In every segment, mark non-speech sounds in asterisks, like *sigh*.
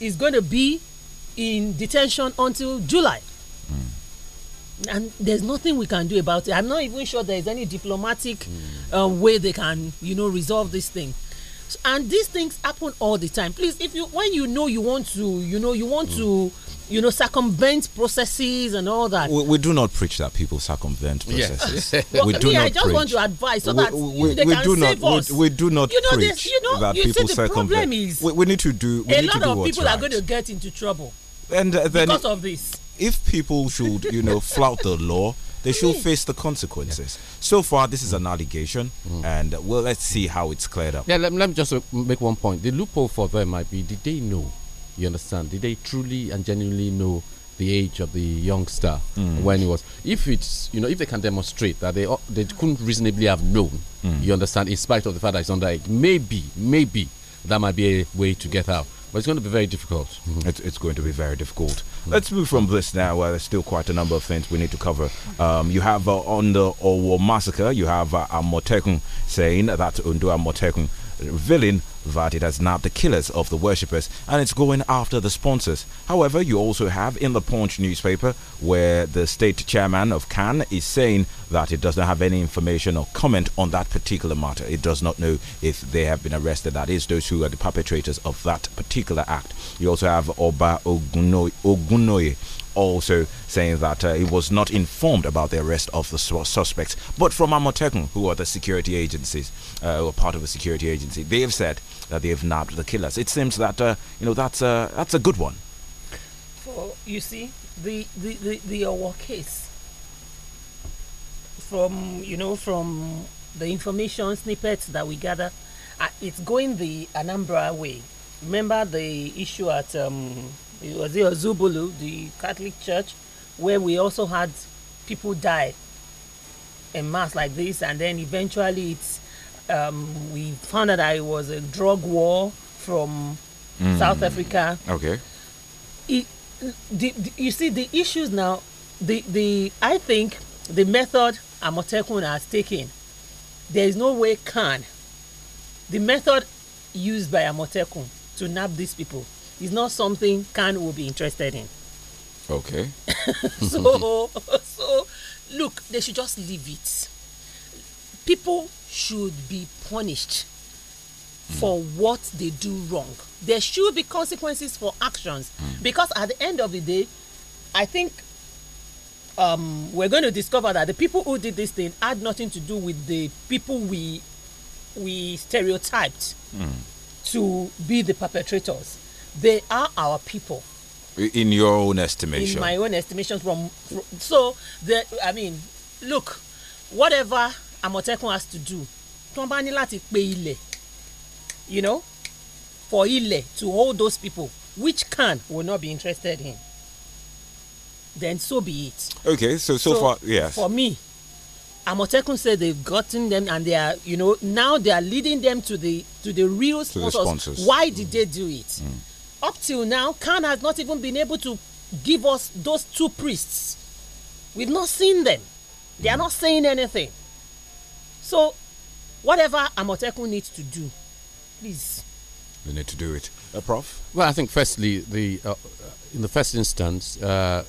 is going to be in detention until July. Mm. And there's nothing we can do about it. I'm not even sure there is any diplomatic mm. uh, way they can, you know, resolve this thing. So, and these things happen all the time. Please, if you when you know you want to, you know, you want mm. to you know, circumvent processes and all that. We, we do not preach that people circumvent processes. *laughs* well, we do me, not I just preach. want to advise so we, that we, they can save us. We, do not you know, preach this, you know, that you people see the problem is we, need to do. a lot of people right. are going to get into trouble and uh, then because of this. If people should, you know, *laughs* flout the law, they should mm. face the consequences. Yeah. So far, this is an allegation, mm. and uh, well, let's see how it's cleared up. Yeah, let, let me just make one point. The loophole for them might be did they know you understand? Did they truly and genuinely know the age of the youngster mm. when he was? If it's you know if they can demonstrate that they they couldn't reasonably have known, mm. you understand, in spite of the fact that he's underage, maybe maybe that might be a way to get out. But it's going to be very difficult. Mm *laughs* -hmm. it's, it's, going to be very difficult. Mm. Let's move from this now. where there's still quite a number of things we need to cover. Um, you have uh, on the Owo massacre, you have uh, Amotekun saying that Undu Amotekun revealing that it has nabbed the killers of the worshippers and it's going after the sponsors. However, you also have in the Punch newspaper where the state chairman of Cannes is saying that it does not have any information or comment on that particular matter. It does not know if they have been arrested, that is, those who are the perpetrators of that particular act. You also have Oba Ogunoye, also saying that uh, he was not informed about the arrest of the suspects, but from Amotekun, who are the security agencies uh, or part of a security agency, they have said that they have nabbed the killers. It seems that uh, you know that's a that's a good one. For you see the the the, the our case from you know from the information snippets that we gather, uh, it's going the Anambra way. Remember the issue at um, it was it Zubulu, the Catholic Church, where we also had people die in mass like this, and then eventually it's um, we found out that it was a drug war from mm. South Africa. Okay. It, the, the, you see, the issues now, the, the I think the method Amotekun has taken, there is no way can. The method used by Amotekun to nab these people is not something can will be interested in. Okay. *laughs* so, *laughs* so look, they should just leave it. People should be punished hmm. for what they do wrong. There should be consequences for actions hmm. because at the end of the day, I think um, we're going to discover that the people who did this thing had nothing to do with the people we we stereotyped mm. to be the perpetrators. They are our people. In your own estimation. In my own estimation, from, from so the I mean, look, whatever Àmọ̀tẹ́kùn has to do tí wọ́n bá ní láti pe ilẹ̀ you know for ilẹ̀ to hold those people which can will not be interested in then so be it. okay so so, so far yes. for me Amotekun said they've gotten them and they are, you know, now they are leading them to the to the real sponsors. The sponsors. Why did mm. they do it? Mm. Up till now, Khan has not even been able to give us those two priests. We've not seen them. They mm. are not saying anything. So, whatever Amotekun needs to do, please. They need to do it. Uh, Prof? Well, I think firstly, the uh, uh, in the first instance, uh,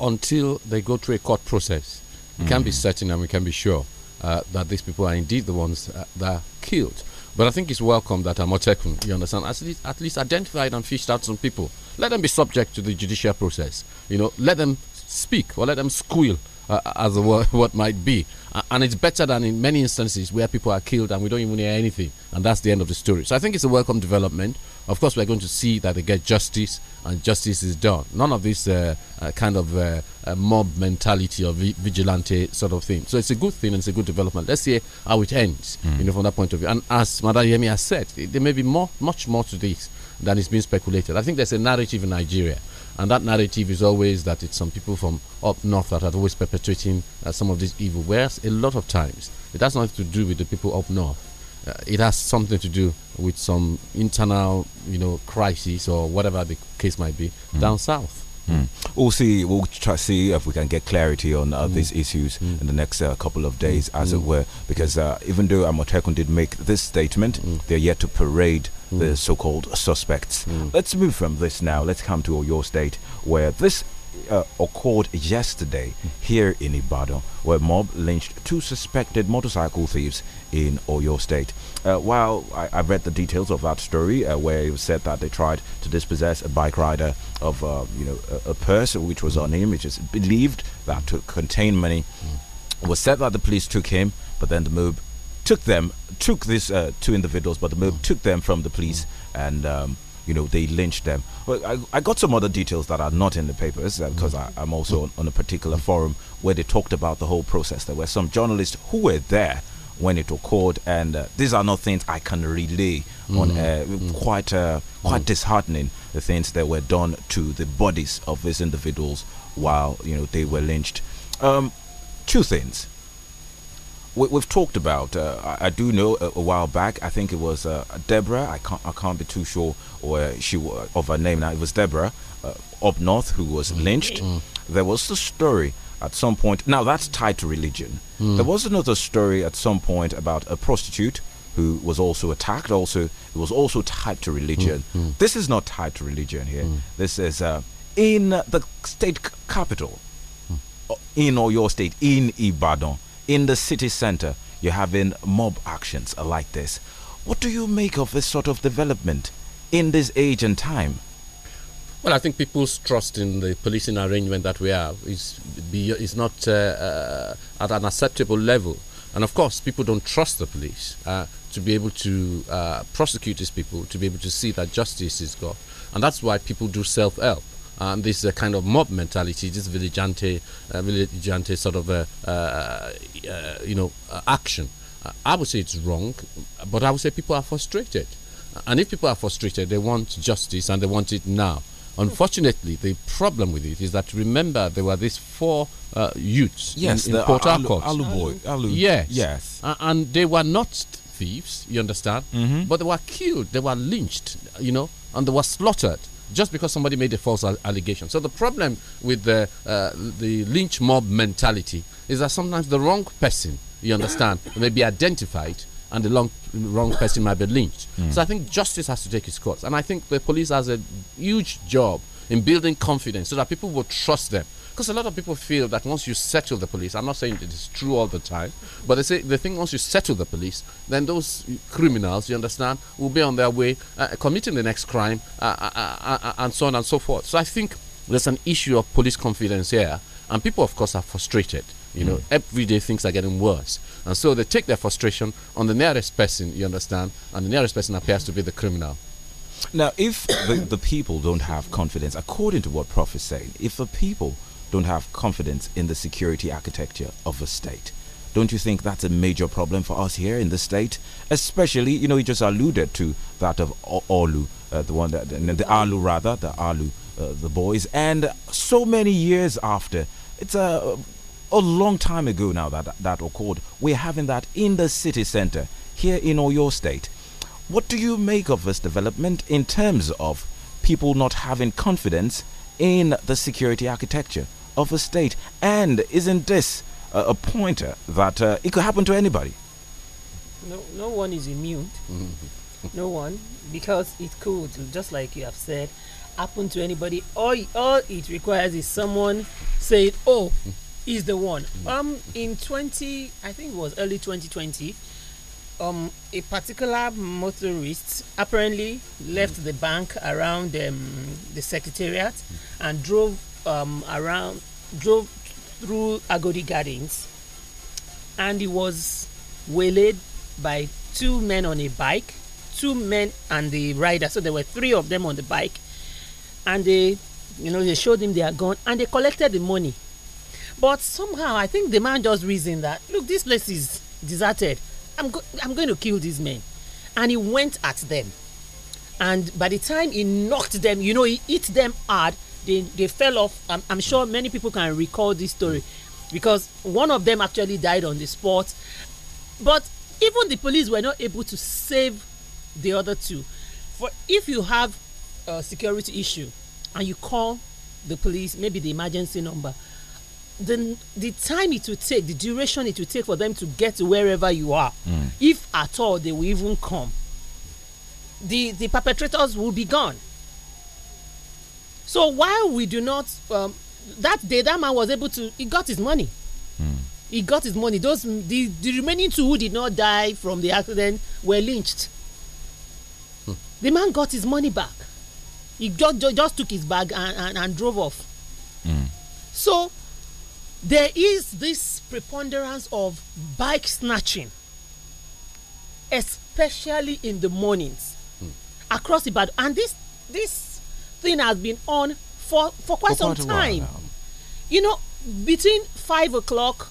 until they go through a court process, we can be mm. certain and we can be sure uh, that these people are indeed the ones uh, that are killed. But I think it's welcome that Amotekun, you understand, at least, at least identified and fished out some people. Let them be subject to the judicial process. You know, let them speak or let them squeal uh, as what, might be. And it's better than in many instances where people are killed and we don't even hear anything, and that's the end of the story. So I think it's a welcome development. Of course, we're going to see that they get justice, and justice is done. None of this uh, uh, kind of uh, uh, mob mentality or vi vigilante sort of thing. So it's a good thing and it's a good development. Let's see how it ends, mm. you know, from that point of view. And as Madam Yemi has said, there may be more, much more to this than is being speculated. I think there's a narrative in Nigeria and that narrative is always that it's some people from up north that are always perpetrating uh, some of this evil, whereas a lot of times it has nothing to do with the people up north. Uh, it has something to do with some internal, you know, crisis or whatever the case might be mm. down south. Mm. We'll see. We'll try see if we can get clarity on uh, mm. these issues mm. in the next uh, couple of days, as hmm. it were. Because uh, even though Amotekun did make this statement, hmm. they're yet to parade mm. the hmm. so-called suspects. Mm. Let's move from this now. Let's come to your state where this uh, occurred yesterday here in Ibadan, where mob lynched two suspected motorcycle thieves in Oyo State. Uh, while I, I, read the details of that story, uh, where it was said that they tried to dispossess a bike rider of uh, you know a, a, purse which was on him, which is believed that to contain money, hmm. it was said that the police took him, but then the mob took them, took these uh, two individuals, but the mob mm. took them from the police mm. and. Um, you know, they lynched them. Well, I, I, got some other details that are not in the papers because uh, mm. I'm also on, on, a particular forum where they talked about the whole process. There were some journalists who were there when it occurred, and uh, these are not things I can relay mm. on air. Mm. Quite, uh, quite mm. disheartening the things that were done to the bodies of these individuals while you know they were lynched. Um, two things we, have talked about. Uh, I, I, do know a, a, while back. I think it was uh, Deborah. I can't. I can't be too sure where she of her name now. It was Deborah uh, up north who was mm. lynched. Mm. There was the story at some point. Now that's tied to religion. Mm. There was another story at some point about a prostitute who was also attacked. Also, it was also tied to religion. Mm. mm. This is not tied to religion here. Mm. This is uh, in the state capital, uh, in or your state in Ibadan in the city center, you're having mob actions like this. What do you make of this sort of development in this age and time? Well, I think people's trust in the policing arrangement that we have is is not uh, uh, at an acceptable level, and of course, people don't trust the police uh, to be able to uh, prosecute these people, to be able to see that justice is got, and that's why people do self-help. Um, this is a kind of mob mentality, this vigilante, uh, vigilante sort of a, uh, uh, uh, you know uh, action. Uh, I would say it's wrong, but I would say people are frustrated, and if people are frustrated, they want justice and they want it now. Unfortunately, the problem with it is that remember there were these four uh, youths yes, in, in Port Harcourt. Alu, boy, alu. Yes, yes, uh, and they were not thieves. You understand? Mm -hmm. But they were killed. They were lynched. You know, and they were slaughtered just because somebody made a false allegation. So the problem with the uh, the lynch mob mentality is that sometimes the wrong person, you understand, may be identified and the long, wrong person might be lynched. Mm. So I think justice has to take its course. And I think the police has a huge job in building confidence so that people will trust them because a lot of people feel that once you settle the police, I'm not saying it is true all the time, but they say the thing once you settle the police, then those criminals, you understand, will be on their way uh, committing the next crime uh, uh, uh, uh and so on and so forth. So I think there's an issue of police confidence here, and people, of course, are frustrated. You know, mm. everyday things are getting worse. And so they take their frustration on the nearest person, you understand, and the nearest person appears to be the criminal. Now, if the, the people don't have confidence, according to what Prof is saying, if the people don't have confidence in the security architecture of a state. Don't you think that's a major problem for us here in the state? Especially, you know, you just alluded to that of Olu, uh, the one that, the Alu rather, the Alu, uh, the boys. And so many years after, it's a, a long time ago now that that occurred. We're having that in the city center here in Oyo State. What do you make of this development in terms of people not having confidence in the security architecture of a state. And isn't this a pointer that uh, it could happen to anybody? No, no one is immune. *laughs* no one, because it could, just like you have said, happen to anybody. All, all it requires is someone saying, "Oh, is the one." Mm. Um, in twenty, I think it was early twenty twenty. Um, a particular motorist apparently left the bank around um, the secretariat and drove um, around, drove through Agodi Gardens, and he was waylaid by two men on a bike, two men and the rider. So there were three of them on the bike, and they, you know, they showed him they are gone, and they collected the money. But somehow, I think the man just reasoned that look, this place is deserted. I'm go- I'm going to kill these men, and he went at them. And by the time he knocked them, you know, he hit them hard they they fell off. I'm, I'm sure many people can recall this story because one of them actually died on the spot. But even the police were not able to save the other two. For if you have a security issue and you call the police, maybe the emergency number, then the time it will take, the duration it will take for them to get to wherever you are, mm. if at all they will even come, the the perpetrators will be gone. So while we do not, um, that day that man was able to, he got his money. Mm. He got his money. Those the, the remaining two who did not die from the accident were lynched. Hmm. The man got his money back. He just, just, just took his bag and, and, and drove off. Mm. So there is this preponderance of bike snatching, especially in the mornings mm. across the bad. And this this thing has been on for for quite, for some time. You know, between five o'clock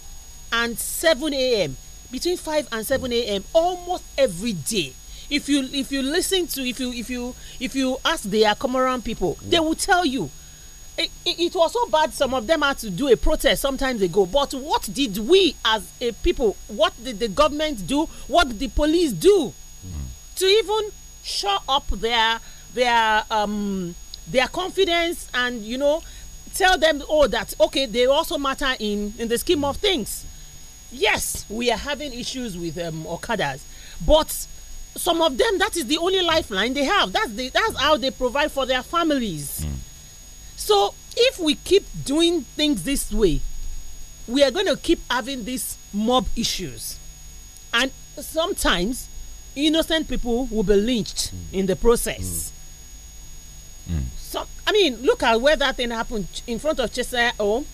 and seven a.m. Between five and seven a.m. almost every day. If you if you listen to if you if you if you ask the Akomoran people, yeah. they will tell you. It, it, was so bad some of them had to do a protest sometimes ago but what did we as a people what did the government do what did the police do mm. to even show up their their um their confidence and you know tell them oh that okay they also matter in in the scheme of things yes we are having issues with um, okadas but some of them that is the only lifeline they have that's the that's how they provide for their families hmm. so if we keep doing things this way we are going to keep having these mob issues and sometimes innocent people will be lynched mm. in the process mm. I mean, look at where that thing happened in front of Cheshire Home.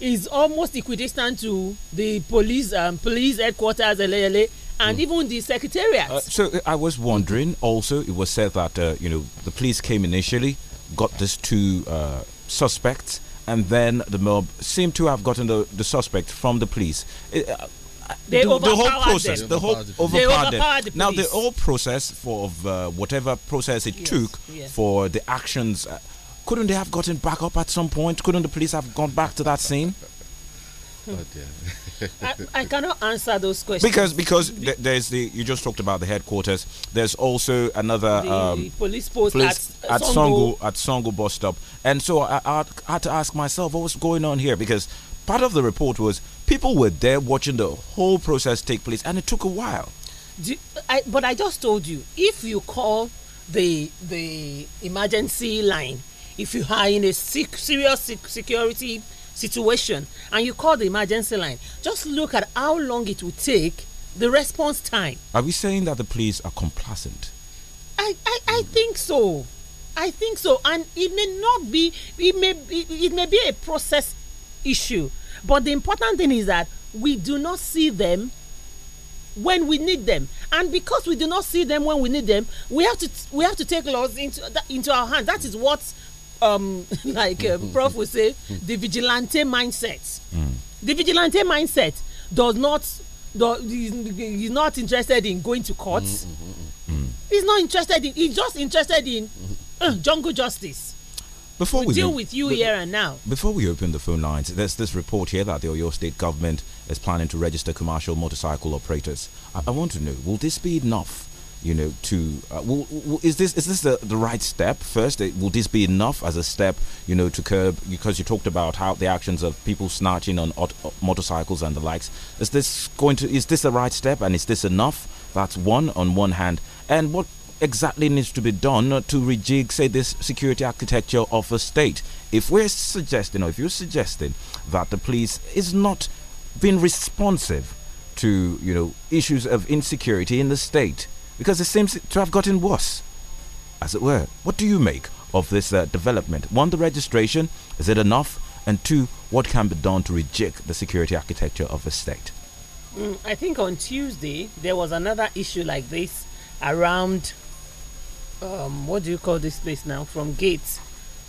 Is almost equidistant to the police um, police headquarters, LLA, and mm. even the secretariat. Uh, so uh, I was wondering. Also, it was said that uh, you know the police came initially, got these two uh, suspects, and then the mob seemed to have gotten the, the suspect from the police. It, uh, uh, the, the, whole process, them. the whole overpowered, they overpowered the now the whole process for of, whatever process it yes, took yes. for the actions couldn't they have gotten back up at some point? Couldn't the police have gone back to that scene? Oh I, I, cannot answer those questions because because th there's the you just talked about the headquarters. There's also another the um, police post police at, at Songo. at Songo bus stop, and so I, I, had to ask myself what was going on here because part of the report was people were there watching the whole process take place, and it took a while. I, but I just told you if you call the the emergency line if you are in a serious security situation and you call the emergency line, just look at how long it will take the response time. Are we saying that the police are complacent? I, I, I think so. I think so, and it may not be. It may be, it may be a process issue, but the important thing is that we do not see them when we need them, and because we do not see them when we need them, we have to we have to take laws into into our hands. That is what um, *laughs* like uh, Prof would say, the vigilante mindset. Mm. The vigilante mindset does not does, he's not interested in going to court. Mm. He's not interested in. He's just interested in uh, jungle justice. Before we, we deal with you here and now. Before we open the phone lines, there's this report here that the Oyo State government is planning to register commercial motorcycle operators. I, I want to know, will this be enough you know, to uh, will, will, is this is this the, the right step first? Will this be enough as a step, you know, to curb? Because you talked about how the actions of people snatching on auto, motorcycles and the likes. Is this going to is this the right step? And is this enough? That's one on one hand. And what exactly needs to be done to rejig, say, this security architecture of a state? If we're suggesting, or if you're suggesting, that the police is not being responsive to you know issues of insecurity in the state because it seems to have gotten worse, as it were. What do you make of this uh, development? One, the registration, is it enough? And two, what can be done to reject the security architecture of the state? Mm, I think on Tuesday there was another issue like this around um, what do you call this place now? From Gates,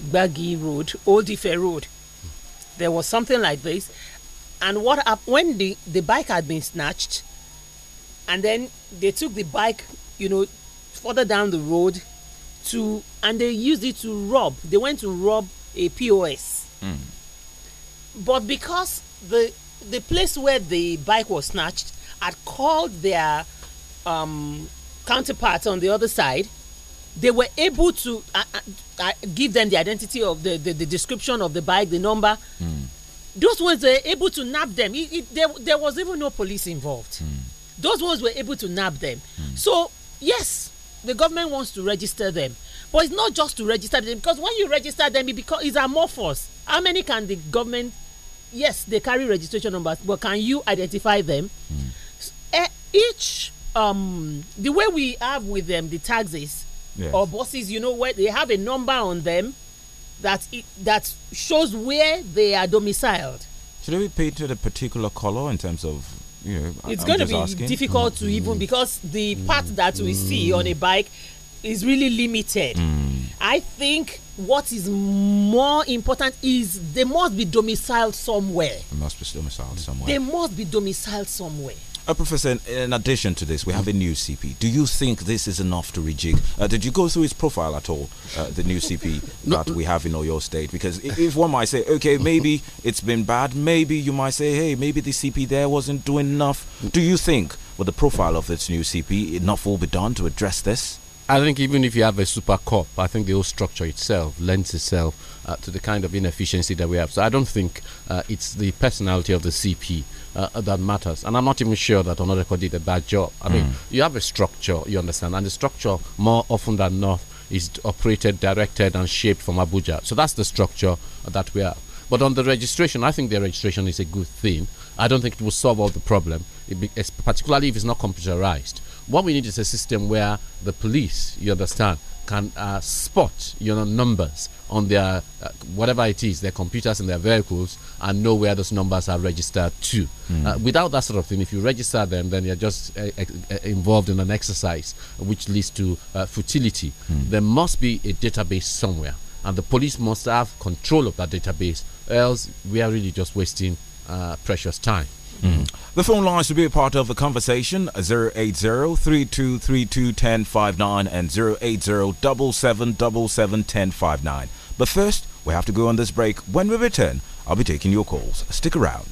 Gbagi Road, Old Ife Road. There was something like this, and what happened when the the bike had been snatched, and then they took the bike you know further down the road to and they used it to rob they went to rob a pos mm. but because the the place where the bike was snatched had called their um, counterparts on the other side they were able to uh, uh, uh give them the identity of the, the, the description of the bike the number mm. those ones were able to nab them it, it, there, there was even no police involved mm those ones were able to nab them. Mm. So, yes, the government wants to register them. But it's not just to register them because when you register them, it becomes, it's amorphous. How many can the government? Yes, they carry registration numbers, but can you identify them? Mm. Each, um, the way we have with them, the taxis yes. or buses, you know, where they have a number on them that it, that shows where they are domiciled. Should they be painted to the particular color in terms of you know, it's going to be asking. difficult to even mm. because the part mm. that we see on a bike is really limited. Mm. I think what is more important is they must be domiciled somewhere. They must be domiciled somewhere. They must be domiciled somewhere. Uh, Professor, in addition to this, we have a new CP. Do you think this is enough to rejig? Uh, did you go through his profile at all, uh, the new CP that we have in Oyo State? Because if one might say, okay, maybe it's been bad, maybe you might say, hey, maybe the CP there wasn't doing enough. Do you think, with the profile of this new CP, enough will be done to address this? I think even if you have a super cop, I think the whole structure itself lends itself uh, to the kind of inefficiency that we have. So I don't think uh, it's the personality of the CP uh, that matters. And I'm not even sure that Onodeko did a bad job. I mm. mean, you have a structure, you understand, and the structure more often than not is operated, directed, and shaped from Abuja. So that's the structure that we have. But on the registration, I think the registration is a good thing. I don't think it will solve all the problem, be, particularly if it's not computerized. What we need is a system where the police, you understand, can uh, spot you know numbers on their uh, whatever it is, their computers and their vehicles, and know where those numbers are registered to. Mm. Uh, without that sort of thing, if you register them, then you're just uh, uh, uh involved in an exercise which leads to uh, futility. Mm. There must be a database somewhere, and the police must have control of that database, else, we are really just wasting precious time. Mm. The phone lines to be a part of the conversation 080-3232-1059 uh, and 080-777-1059. But first, we have to go on this break. When we return, I'll be taking your calls. Stick around.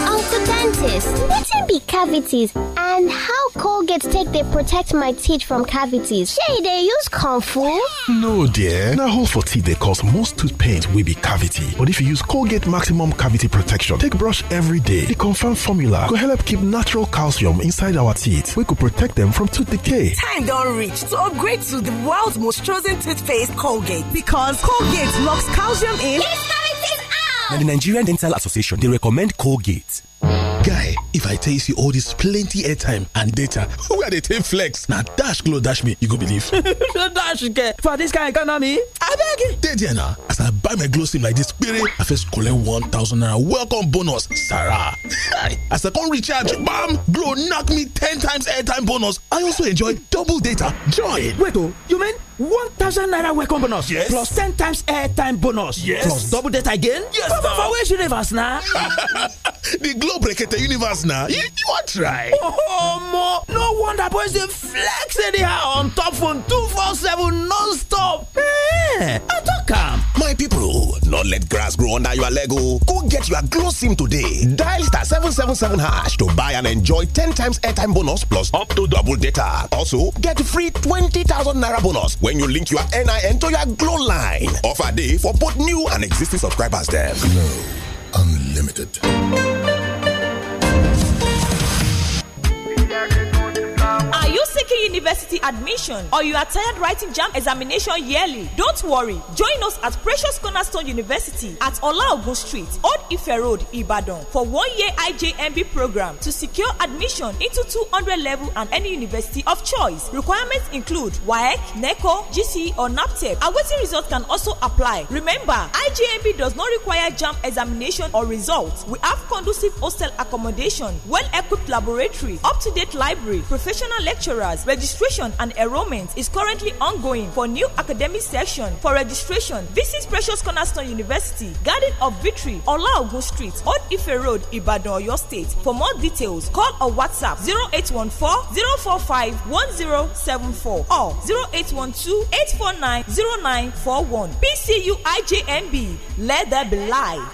Uncle Dentist, what can be cavities? And how Colgate take they protect my teeth from cavities? Say they use fu. No, dear. Now, hole for teeth they cause most tooth pain will be cavity. But if you use Colgate Maximum Cavity Protection, take brush every day. The confirmed formula could help keep natural calcium inside our teeth. We could protect them from tooth decay. Time don't reach to upgrade to the world's most chosen toothpaste, Colgate. Because Colgate locks calcium in. Keep cavities out! And the Nigerian Dental Association, they recommend Colgate. Guy if i tell you see all this, plenty airtime and data wey i dey take flex Now, dash glow dash me you go believe *laughs* dash get for dis kain economy I abeg dey there na as i buy my glow sim like this, kpere i first collect 1000 naira welcome bonus sarah as i come recharge bam glow knock me 10 times airtime bonus i also enjoy double data join wait oh, you mean 1000 naira welcome bonus yes plus 10 times airtime bonus yes plus double data again yes for where she universe now? *laughs* the globe the universe course now. You, you want try? Oh, mo, no wonder boys dey flex anyhow on top phone 247 non-stop. Hey, eh, I don't am. My people, not let grass grow under your lego. Oh. Go get your glow SIM today. Dial star 777 hash to buy and enjoy 10 times airtime bonus plus up to double data. Also, get free 20,000 naira bonus when you link your NIN to your glow line. Offer day for both new and existing subscribers dem. Glo Unlimited. Are you seeking university admission or you are tired writing JAMB examination yearly, don't worry. Join us at Precious Cornerstone University at Olaogun Street, Old Ife Road, Ibadan for one-year IJMB program to secure admission into 200 level and any university of choice. Requirements include WAEC, NECO, GCE, or NAPTEP. E Awaiting results can also apply. Remember, IJMB does not require JAMB examination or results. We have conducive hostel accommodation, well-equipped laboratory, up-to-date library, professional lecturers, years. Registration and enrollment is currently ongoing for new academic session. For registration, visit Precious Cornerstone University, Garden of Victory, Olaogun Street, Old Ife Road, Ibadan, Oyo State. For more details, call or WhatsApp 0814-045-1074 or 0812-849-0941. PCU IJMB, let there be light.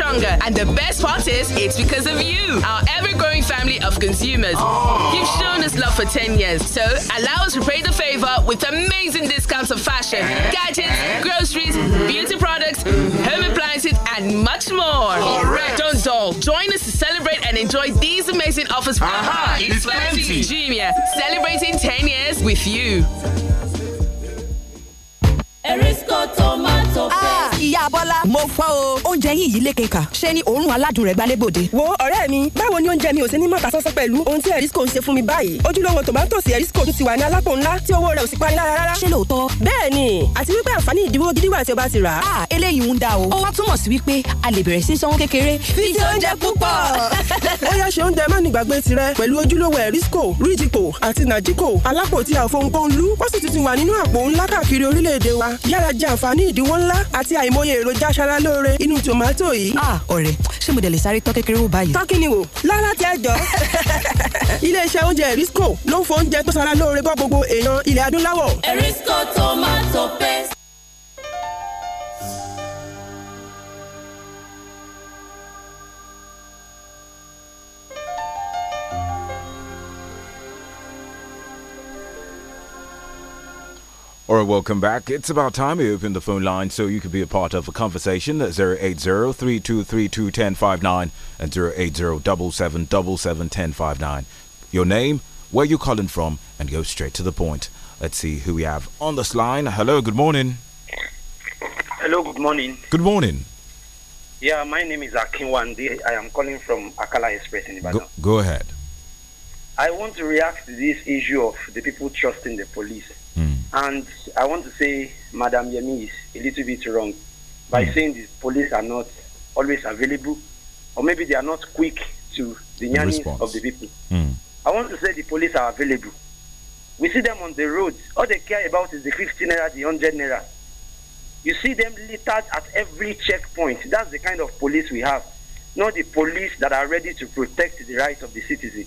stronger. And the best part is, it's because of you, our ever growing family of consumers. Oh. You've shown us love for 10 years. So allow us to pay the favor with amazing discounts of fashion, gadgets, groceries, beauty products, home appliances, and much more. Correct. Don't dull. Join us to celebrate and enjoy these amazing offers. Aha, it's plenty. Junior, celebrating 10 years with you. erisco tomato ah, paste. ìyá bọ́lá mo fọ́ o oúnjẹ yín yìí lékè kà ṣé ni òórùn aládùn rẹ̀ gbalẹ́gbòde. wo ọ̀rẹ́ mi báwo ni oúnjẹ mi ò sí ní mọ̀ta sọ́sọ́ pẹ̀lú ohun tí erisco ń ṣe fún mi báyìí ojúlówó tòmátòsì erisco tún ti wà ní alápò ńlá tí owó rẹ̀ ò sì pani lára rárá. ṣé lóòótọ́. bẹ́ẹ̀ ni àti wípé àǹfààní ìdíwọ́ gidi wà tí o bá ti rà á. a ah, eléyìí ń da o. ó wá túmọ̀ sí wípé a lè bẹ̀rẹ̀ sí sanwó kékeré. fi ti oúnjẹ púpọ̀. *laughs* ó yá ṣe oúnjẹ má nígbàgbé tirẹ̀ pẹ̀lú ojúlówó erisco ríjìpò àti nàjíkò alápò tí yára jẹ àǹfààní ìdínwó ńlá àti àìmọye èròjà aṣaralóore inú tòmátò yìí. a ah, ọ̀rẹ́ ṣé mo dẹ̀ lè sáré tọ́ kékeré wò báyìí. tọ́kì ni wò lára tí ẹ *laughs* iléeṣẹ́ oúnjẹ Erisco ló ń fọ oúnjẹ tó ṣara lóore bọ́ gbogbo èèyàn ilẹ̀ adúláwọ̀. Erisco tomato paste All right, welcome back. It's about time we opened the phone line so you could be a part of a conversation at 080-3232-1059 and 080-777-1059. Your name, where you calling from, and go straight to the point. Let's see who we have on this line. Hello, good morning. Hello, good morning. Good morning. Yeah, my name is Wandi. I am calling from Akala Express in Ibadan. Go, go ahead. I want to react to this issue of the people trusting the police Mm. And I want to say Madam Yemi is a little bit wrong by mm. saying the police are not always available or maybe they are not quick to the yearnings of the people. Mm. I want to say the police are available. We see them on the roads. All they care about is the 15 naira, the 100 naira. You see them littered at every checkpoint. That's the kind of police we have. Not the police that are ready to protect the rights of the citizen.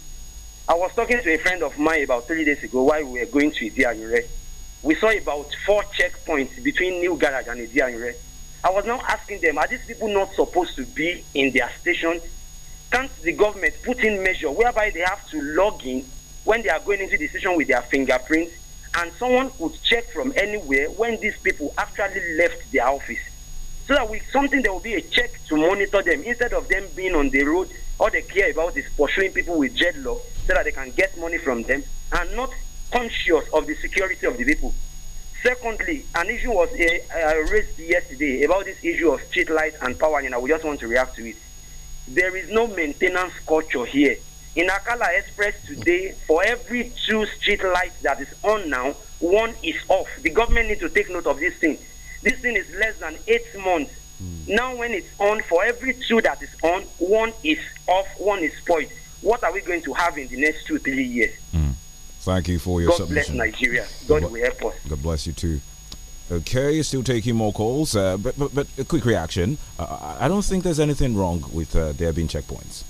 I was talking to a friend of mine about three days ago while we were going to Idianure. We saw about four checkpoints between New Garage and Idianure. I was now asking them, are these people not supposed to be in their station? Can't the government put in measure whereby they have to log in when they are going into the station with their fingerprints and someone could check from anywhere when these people actually left their office? So that with something there will be a check to monitor them instead of them being on the road. All they care about is pursuing people with law so that they can get money from them and not conscious of the security of the people. Secondly, an issue was eh, eh, raised yesterday about this issue of street lights and power, and I would just want to react to it. There is no maintenance culture here. In Akala Express today, for every two street lights that is on now, one is off. The government need to take note of this thing. This thing is less than eight months. Mm. Now, when it's on, for every two that is on, one is off, one is spoiled. What are we going to have in the next two, three years? Mm. Thank you for your God submission. bless Nigeria. God, God will help us. God bless you too. Okay, still taking more calls, uh, but, but but a quick reaction. Uh, I don't think there's anything wrong with uh, there being checkpoints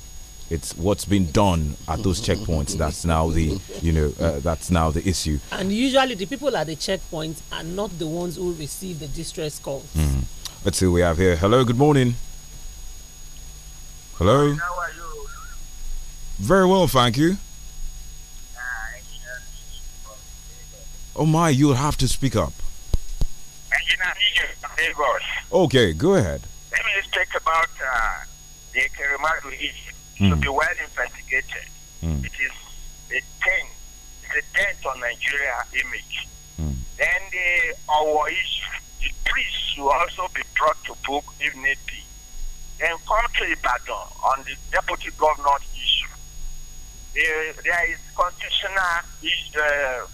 it's what's been done at those checkpoints that's now the you know uh, that's now the issue and usually the people at the checkpoints are not the ones who receive the distress calls mm. let's see we have here hello good morning hello how are you very well thank you oh my you'll have to speak up okay go ahead let me just talk about uh, the mm. should be well investigated. Mm. It is a taint, it's a taint on Nigeria image. Mm. Then the, our issue, the priests will also be brought to book if need be. Then country Ibadan on the deputy governor issue. There, there is constitutional issue. Uh,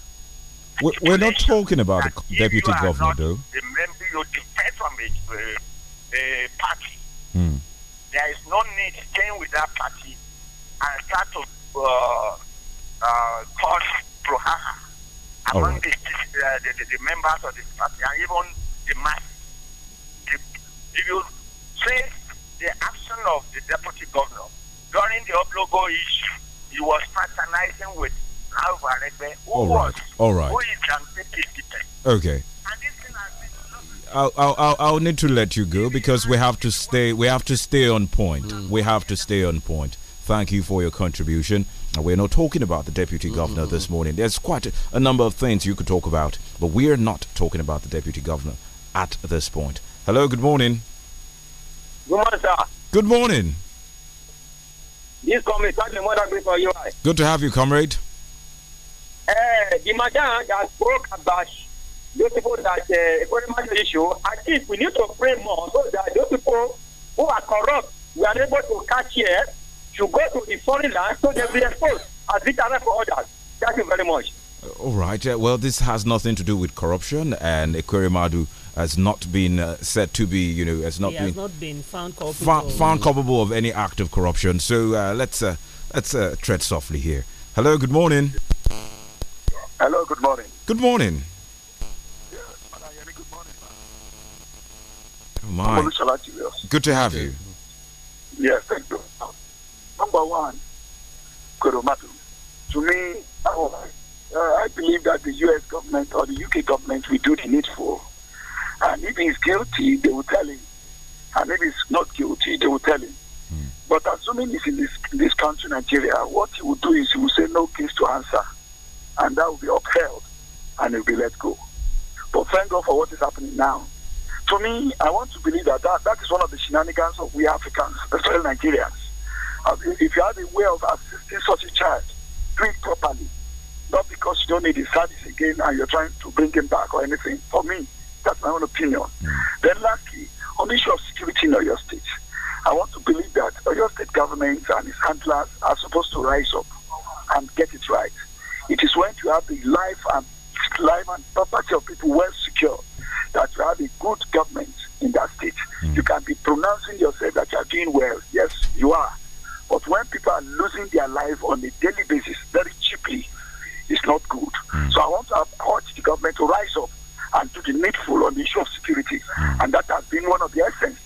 we're, not talking about the deputy governor, though. The member you depend from a, the uh, a party. Mm there is no need to stay with that party and start to uh, uh, cause brouhaha among right. the, the, the, the, members of this party and even the mass. If you trace the action of the deputy governor during the Oblogo issue, he was patronizing with Alvarez, who all right. was, all right. who is an APC Okay. And this I'll, I'll, I'll need to let you go because we have to stay. We have to stay on point. Mm. We have to stay on point. Thank you for your contribution. We're not talking about the deputy mm -hmm. governor this morning. There's quite a, a number of things you could talk about, but we're not talking about the deputy governor at this point. Hello. Good morning. Good morning, sir. Good morning. This comrade, for you. Good to have you, comrade. Uh, the man that spoke about those people that uh, eh, according issue, I think we need to pray more so that those people who are corrupt, we are able to catch here, to go to the foreign land so they'll be exposed as it for others. Thank you very much. Uh, all right. Uh, well, this has nothing to do with corruption, and Ekwerimadu has not been uh, said to be, you know, has not, he been, has not been found culpable. Found, culpable of any act of corruption. So uh, let's uh, let's uh, tread softly here. Hello. Good morning. Hello. Good morning. Good morning. My. Good to have you. Yes, thank you. Number one, Koromatu. To me, uh, I believe that the U.S. government or the U.K. government will do the needful. And if he's guilty, they will tell him. And if he's not guilty, they will tell him. Mm. But assuming he's in this, this country, Nigeria, what he will do is he will say no case to answer. And that will be upheld and he'll be let go. But thank God for what is happening now to me, I want to believe that that, that is one of the shenanigans of we Africans, especially Nigerians. If you have a way of assisting such a child, do it properly. Not because you don't need his service again and you're trying to bring him back or anything. For me, that's my own opinion. Mm. Then, lastly, on the issue of security in your State, I want to believe that your State government and its handlers are supposed to rise up and get it right. It is when you have the life and life and property of people well secured that you have a good government in that state. Mm. You can be pronouncing yourself that you are doing well. Yes, you are. But when people are losing their life on a daily basis, very cheaply, it's not good. Mm. So I want to urge the government to rise up and do the needful on the issue of security. Mm. And that has been one of the essence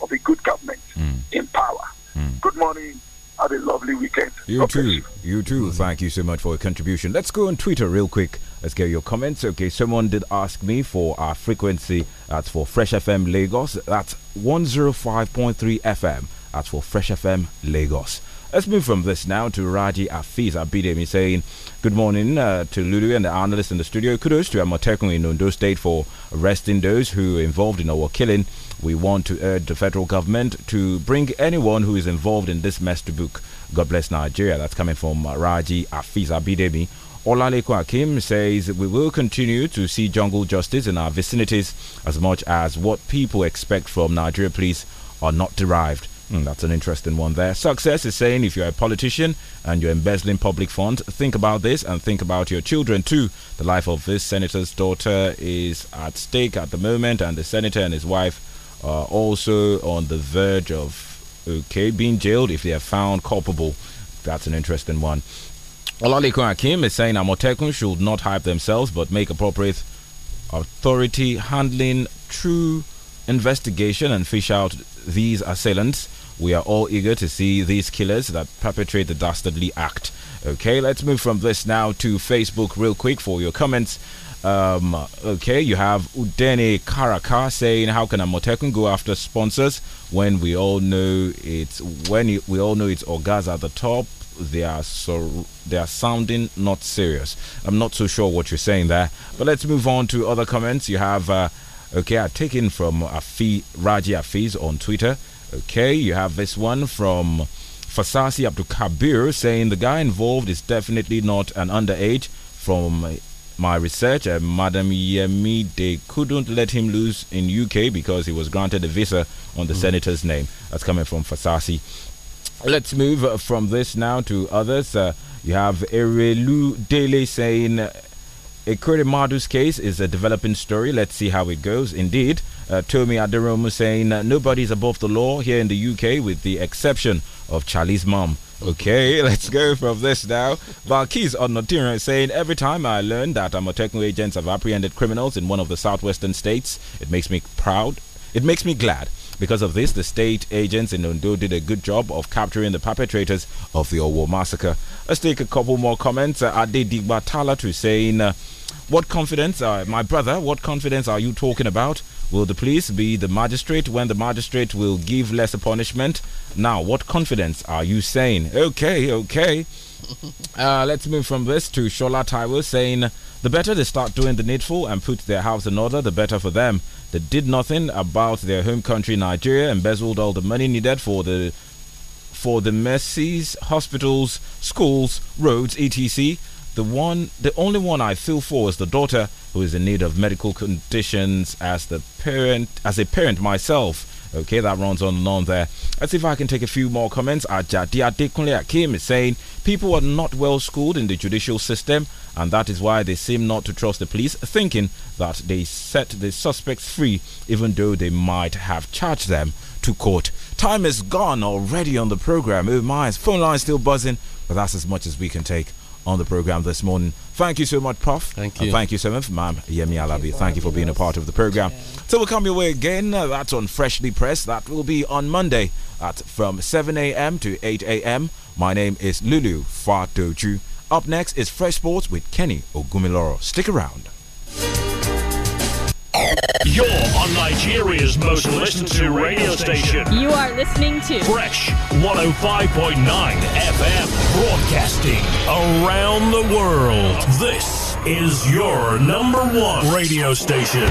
of a good government hmm. in power. Hmm. Good morning have a lovely weekend. You okay. too. You too. Thank you so much for your contribution. Let's go on Twitter real quick. Let's get your comments. Okay, someone did ask me for our frequency. That's for Fresh FM Lagos. That's 105.3 FM. That's for Fresh FM Lagos. Let's move from this now to Raji Afiz Abidemi saying, Good morning uh, to Lulu and the analysts in the studio. Kudos to Amotekun in Ondo State for arresting those who were involved in our killing. We want to urge the federal government to bring anyone who is involved in this mess to book. God bless Nigeria. That's coming from uh, Raji Afiz Abidemi. Olaleko Akim says we will continue to see jungle justice in our vicinities as much as what people expect from Nigeria police are not derived. Mm, that's an interesting one there. Success is saying if you're a politician and you're embezzling public funds, think about this and think about your children too. The life of this senator's daughter is at stake at the moment, and the senator and his wife are also on the verge of, okay, being jailed if they are found culpable. That's an interesting one. Olalekan Akim is saying Amotekun should not hype themselves but make appropriate authority handling true investigation and fish out these assailants. We are all eager to see these killers that perpetrate the dastardly act. Okay, let's move from this now to Facebook real quick for your comments. Um, okay, you have Udene Karaka saying, "How can Motekun go after sponsors when we all know it's when you, we all know it's Orgaz at the top? They are so they are sounding not serious. I'm not so sure what you're saying there, but let's move on to other comments. You have." Uh, Okay, i taken from Afi, Raji Afiz on Twitter. Okay, you have this one from Fasasi Abdul Kabir saying the guy involved is definitely not an underage from my research uh, Madam Yemi they couldn't let him lose in UK because he was granted a visa on the mm. senator's name that's coming from Fasasi let's move from this now to others uh, you have Erelu Dele saying Ikuri Madu's case is a developing story. Let's see how it goes. Indeed, uh, Tomi Aderomu saying nobody's above the law here in the UK with the exception of Charlie's mom. Okay, *laughs* let's go from this now. Valkis on Nottingham saying, Every time I learn that technical agents have apprehended criminals in one of the southwestern states, it makes me proud. It makes me glad. Because of this, the state agents in Ondo did a good job of capturing the perpetrators of the Owo massacre. Let's take a couple more comments. Uh, Ade Digbatala to saying, uh, What confidence, uh, my brother, what confidence are you talking about? Will the police be the magistrate when the magistrate will give lesser punishment? Now, what confidence are you saying? Okay, okay. *laughs* Uh, let's move from this to Shola Taiwo saying, The better they start doing the needful and put their house in order, the better for them that did nothing about their home country, Nigeria, embezzled all the money needed for the for the mercies, hospitals, schools, roads, etc. The one, the only one I feel for is the daughter who is in need of medical conditions. As the parent, as a parent myself, Okay, that runs on and on there. Let's see if I can take a few more comments. Ajadi Adekunle Akim is saying people are not well schooled in the judicial system and that is why they seem not to trust the police, thinking that they set the suspects free even though they might have charged them to court. Time is gone already on the program. Oh my, phone line still buzzing, but that's as much as we can take on the program this morning. Thank you so much, Prof. Thank you. And thank you so much, Ma'am Yemi Alabi. Thank you for being a part of the program. So we'll come your way again. Uh, that's on Freshly Pressed. That will be on Monday at from 7 a.m. to 8 a.m. My name is Lulu Fatoju. Up next is Fresh Sports with Kenny Ogumiloro. Stick around. You're on Nigeria's most listened to radio station. You are listening to Fresh 105.9 FM broadcasting around the world. This is your number one radio station.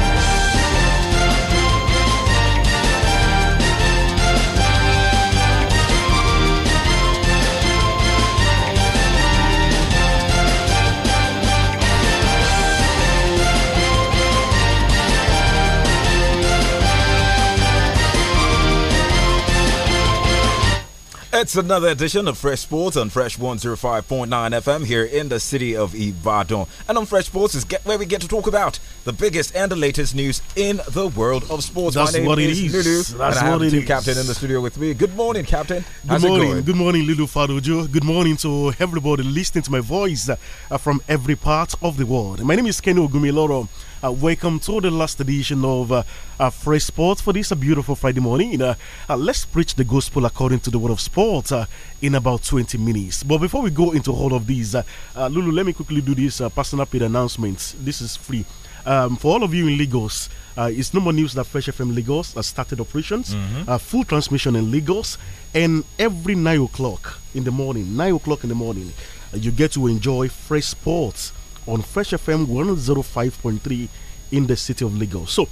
It's another edition of Fresh Sports on Fresh 105.9 FM here in the city of Ibadan. And on Fresh Sports is get, where we get to talk about the biggest and the latest news in the world of sports. That's what it is. Lulu, That's and I what have it is. Captain in the studio with me. Good morning, Captain. Good morning. Good morning, Lulu Fadojo. Good morning to everybody listening to my voice uh, from every part of the world. My name is Kenny Ogumiloro. Uh, welcome to the last edition of uh, uh, Free Sports for this beautiful Friday morning. Uh, uh, let's preach the gospel according to the word of sport uh, in about 20 minutes. But before we go into all of these, Lulu, let me quickly do this personal paid announcement. This is free. Um, for all of you in Lagos, uh, it's no more news that Fresh FM Lagos has started operations, mm -hmm. uh, full transmission in Lagos, and every nine o'clock in the morning, nine o'clock in the morning, uh, you get to enjoy Fresh Sports on Fresh FM 105.3 in the city of Lagos. So,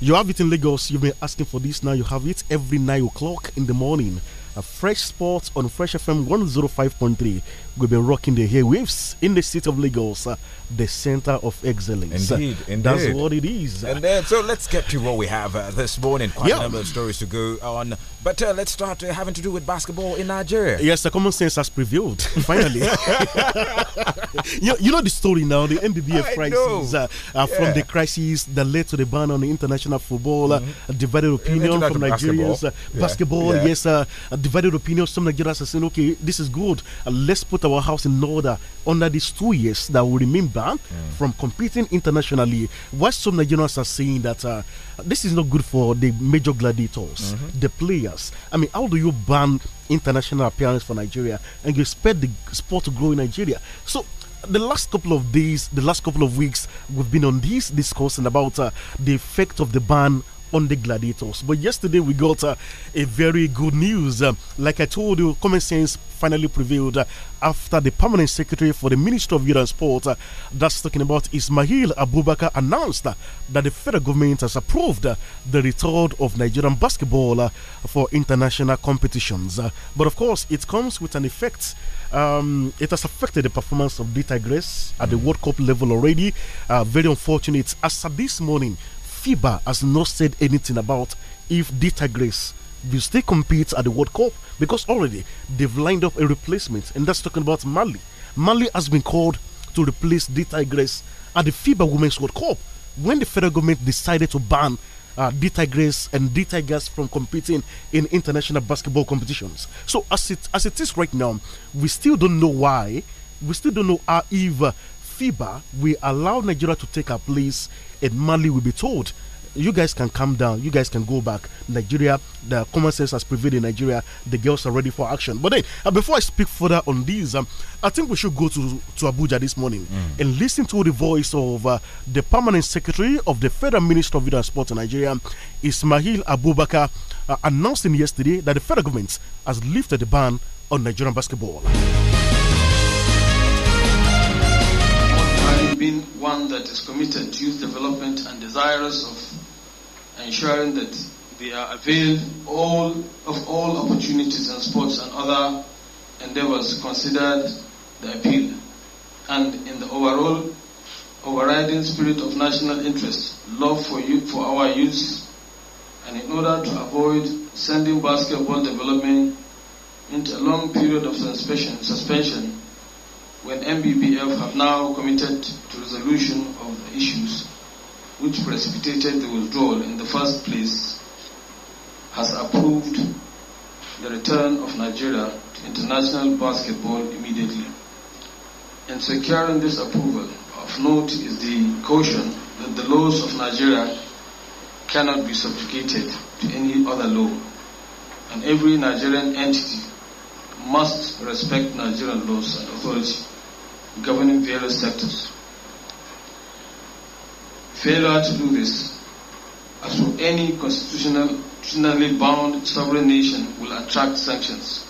you have it in Lagos. You've been asking for this now. You have it every 9 o'clock in the morning. A fresh sports on Fresh FM 105.3 will be rocking the waves in the city of Lagos, uh, the center of excellence. Indeed, indeed. That's what it is. And then, so let's get to what we have uh, this morning. Quite yeah. a number of stories to go on. But uh, let's start uh, having to do with basketball in Nigeria. Yes, the common sense has prevailed, *laughs* finally. *laughs* you, know, you, know the story now, the MBBF I crisis, yeah. Uh, uh, from the crisis that led to the ban on the international football, mm -hmm. divided opinion from Nigerians. Basketball, yeah. basketball yes, divided opinion. Some Nigerians are saying, okay, this is good. let's put our house in order under these two years that we remember mm. from competing internationally. What some Nigerians are saying that uh, this is not good for the major gladiators, mm -hmm. the players. I mean, how do you ban international appearance for Nigeria and you expect the sport to grow in Nigeria? So the last couple of days, the last couple of weeks, we've been on this discussing about uh, the effect of the ban on the gladiators. But yesterday we got uh, a very good news. Um, like I told you, common sense finally prevailed uh, after the permanent secretary for the Ministry of Youth and Sport, uh, that's talking about Ismail Abubakar, announced uh, that the federal government has approved uh, the return of Nigerian basketball for international competitions. but of course, it comes with an effect. Um, it has affected the performance of the Tigress at the World Cup level already. very unfortunate. As of this morning, FIBA has not said anything about if Dita Grace will still compete at the World Cup because already they've lined up a replacement, and that's talking about Mali. Mali has been called to replace Dita Grace at the FIBA Women's World Cup when the federal government decided to ban uh, the Tigers and Dita Tigers from competing in international basketball competitions. So as it as it is right now, we still don't know why. We still don't know how if uh, FIBA will allow Nigeria to take our place, and Mali will be told you guys can calm down. You guys can go back. Nigeria, the common sense has prevailed in Nigeria. The girls are ready for action. But then, uh, before I speak further on this, um, I think we should go to, to Abuja this morning mm. and listen to the voice of uh, the permanent secretary of the Federal Ministry of Youth and Sport in Nigeria, Ismail Abubakar, uh, announcing yesterday that the federal government has lifted the ban on Nigerian basketball. been one that is committed to youth development and desirous of ensuring that they are availed all of all opportunities and sports and other endeavors considered the appeal. And in the overall overriding spirit of national interest, love for you for our youth, and in order to avoid sending basketball development into a long period of suspension, suspension when MBPF have now committed to resolution of the issues which precipitated the withdrawal in the first place, has approved the return of Nigeria to international basketball immediately. In securing this approval, of note is the caution that the laws of Nigeria cannot be subjugated to any other law, and every Nigerian entity must respect Nigerian laws and authority governing various sectors. Failure to do this, as for any constitutionally bound sovereign nation, will attract sanctions.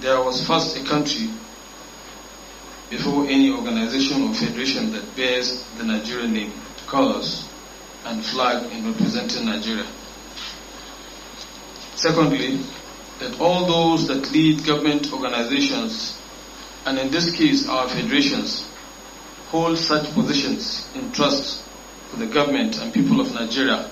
There was first a country before any organization or federation that bears the Nigerian name, colors, and flag in representing Nigeria. Secondly, that all those that lead government organizations and in this case our federations, hold such positions in trust for the government and people of Nigeria.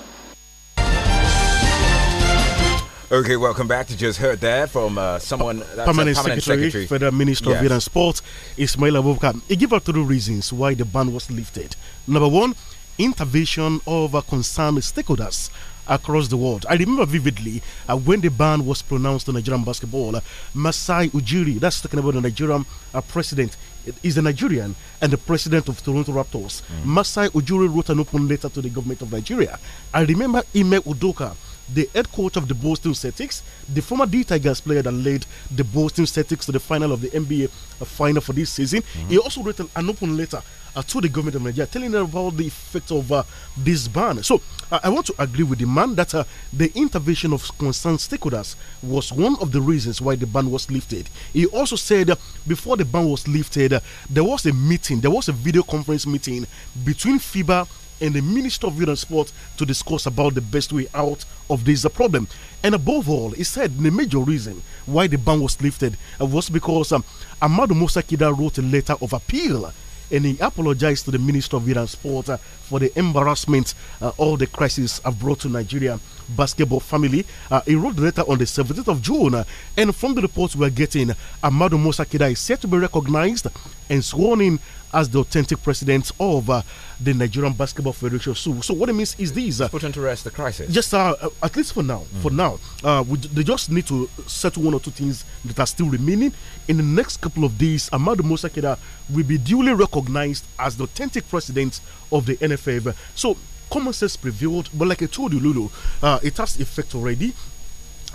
Okay, welcome back. You just heard that from uh, someone. permanent, permanent Secretary, Secretary, Federal Minister yes. of Youth and Sports, Ismail Abubakar. He gave out three reasons why the ban was lifted. Number one, intervention of uh, concerned stakeholders across the world. I remember vividly uh, when the ban was pronounced on Nigerian basketball, uh, Masai Ujiri, that's talking about the Nigerian uh, president, is a Nigerian and the president of Toronto Raptors. Mm. Masai Ujiri wrote an open letter to the government of Nigeria. I remember Ime Udoka the head coach of the Boston Celtics, the former D Tigers player that led the Boston Celtics to the final of the NBA uh, final for this season. Mm -hmm. He also wrote an open letter uh, to the government of Nigeria, telling them about the effect of uh, this ban. So uh, I want to agree with the man that uh, the intervention of concerned stakeholders was one of the reasons why the ban was lifted. He also said uh, before the ban was lifted, uh, there was a meeting, there was a video conference meeting between FIBA and the Minister of Youth and Sport to discuss about the best way out of this problem. And above all, he said the major reason why the ban was lifted was because um, Amadou Kida wrote a letter of appeal and he apologized to the Minister of Youth and Sport uh, for the embarrassment uh, all the crises have brought to Nigeria basketball family. Uh, he wrote the letter on the 17th of June, uh, and from the reports we are getting, Amadu Musakida is set to be recognized and sworn in as the authentic president of uh, the Nigerian Basketball Federation. So, so what it means is this: uh, putting to rest the crisis. Just uh, at least for now. Mm. For now, uh, we, they just need to settle one or two things that are still remaining. In the next couple of days, Amadou Musakeda will be duly recognized as the authentic president of the NFF. So. Common sense prevailed, but like I told you, Lulu, uh, it has effect already.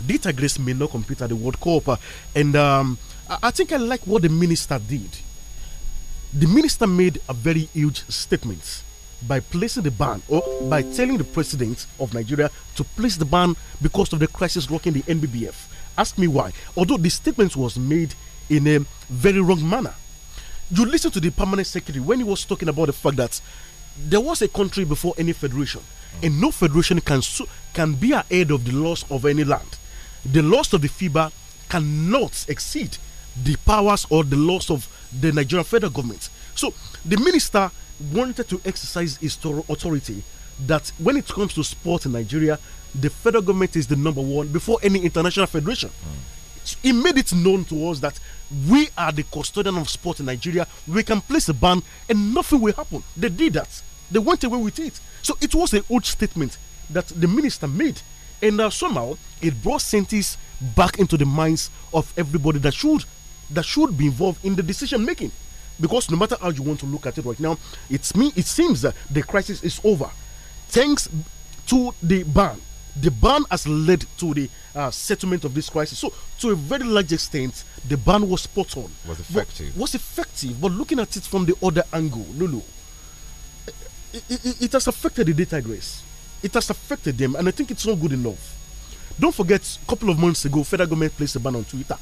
Data Grace may not compete at the World Cup, uh, and um, I think I like what the minister did the minister made a very huge statement by placing the ban or by telling the president of Nigeria to place the ban because of the crisis rocking the NBBF. Ask me why. Although the statement was made in a very wrong manner. You listen to the permanent secretary when he was talking about the fact that there was a country before any federation, and no federation can can be ahead of the loss of any land. The loss of the FIBA cannot exceed the powers or the loss of the Nigerian federal government. So the minister wanted to exercise his authority that when it comes to sport in Nigeria, the federal government is the number one before any international federation. Mm. He made it known to us that we are the custodian of sport in Nigeria. We can place a ban and nothing will happen. They did that. They went away with it. So it was a old statement that the minister made. And uh, somehow it brought sentis back into the minds of everybody that should that should be involved in the decision making. Because no matter how you want to look at it right now, it's me. It seems that the crisis is over, thanks to the ban. The ban has led to the uh, settlement of this crisis. So, to a very large extent, the ban was spot on. Was effective. was effective. But looking at it from the other angle, Lulu, it, it, it has affected the data race. It has affected them, and I think it's not good enough. Don't forget, a couple of months ago, federal government placed a ban on Twitter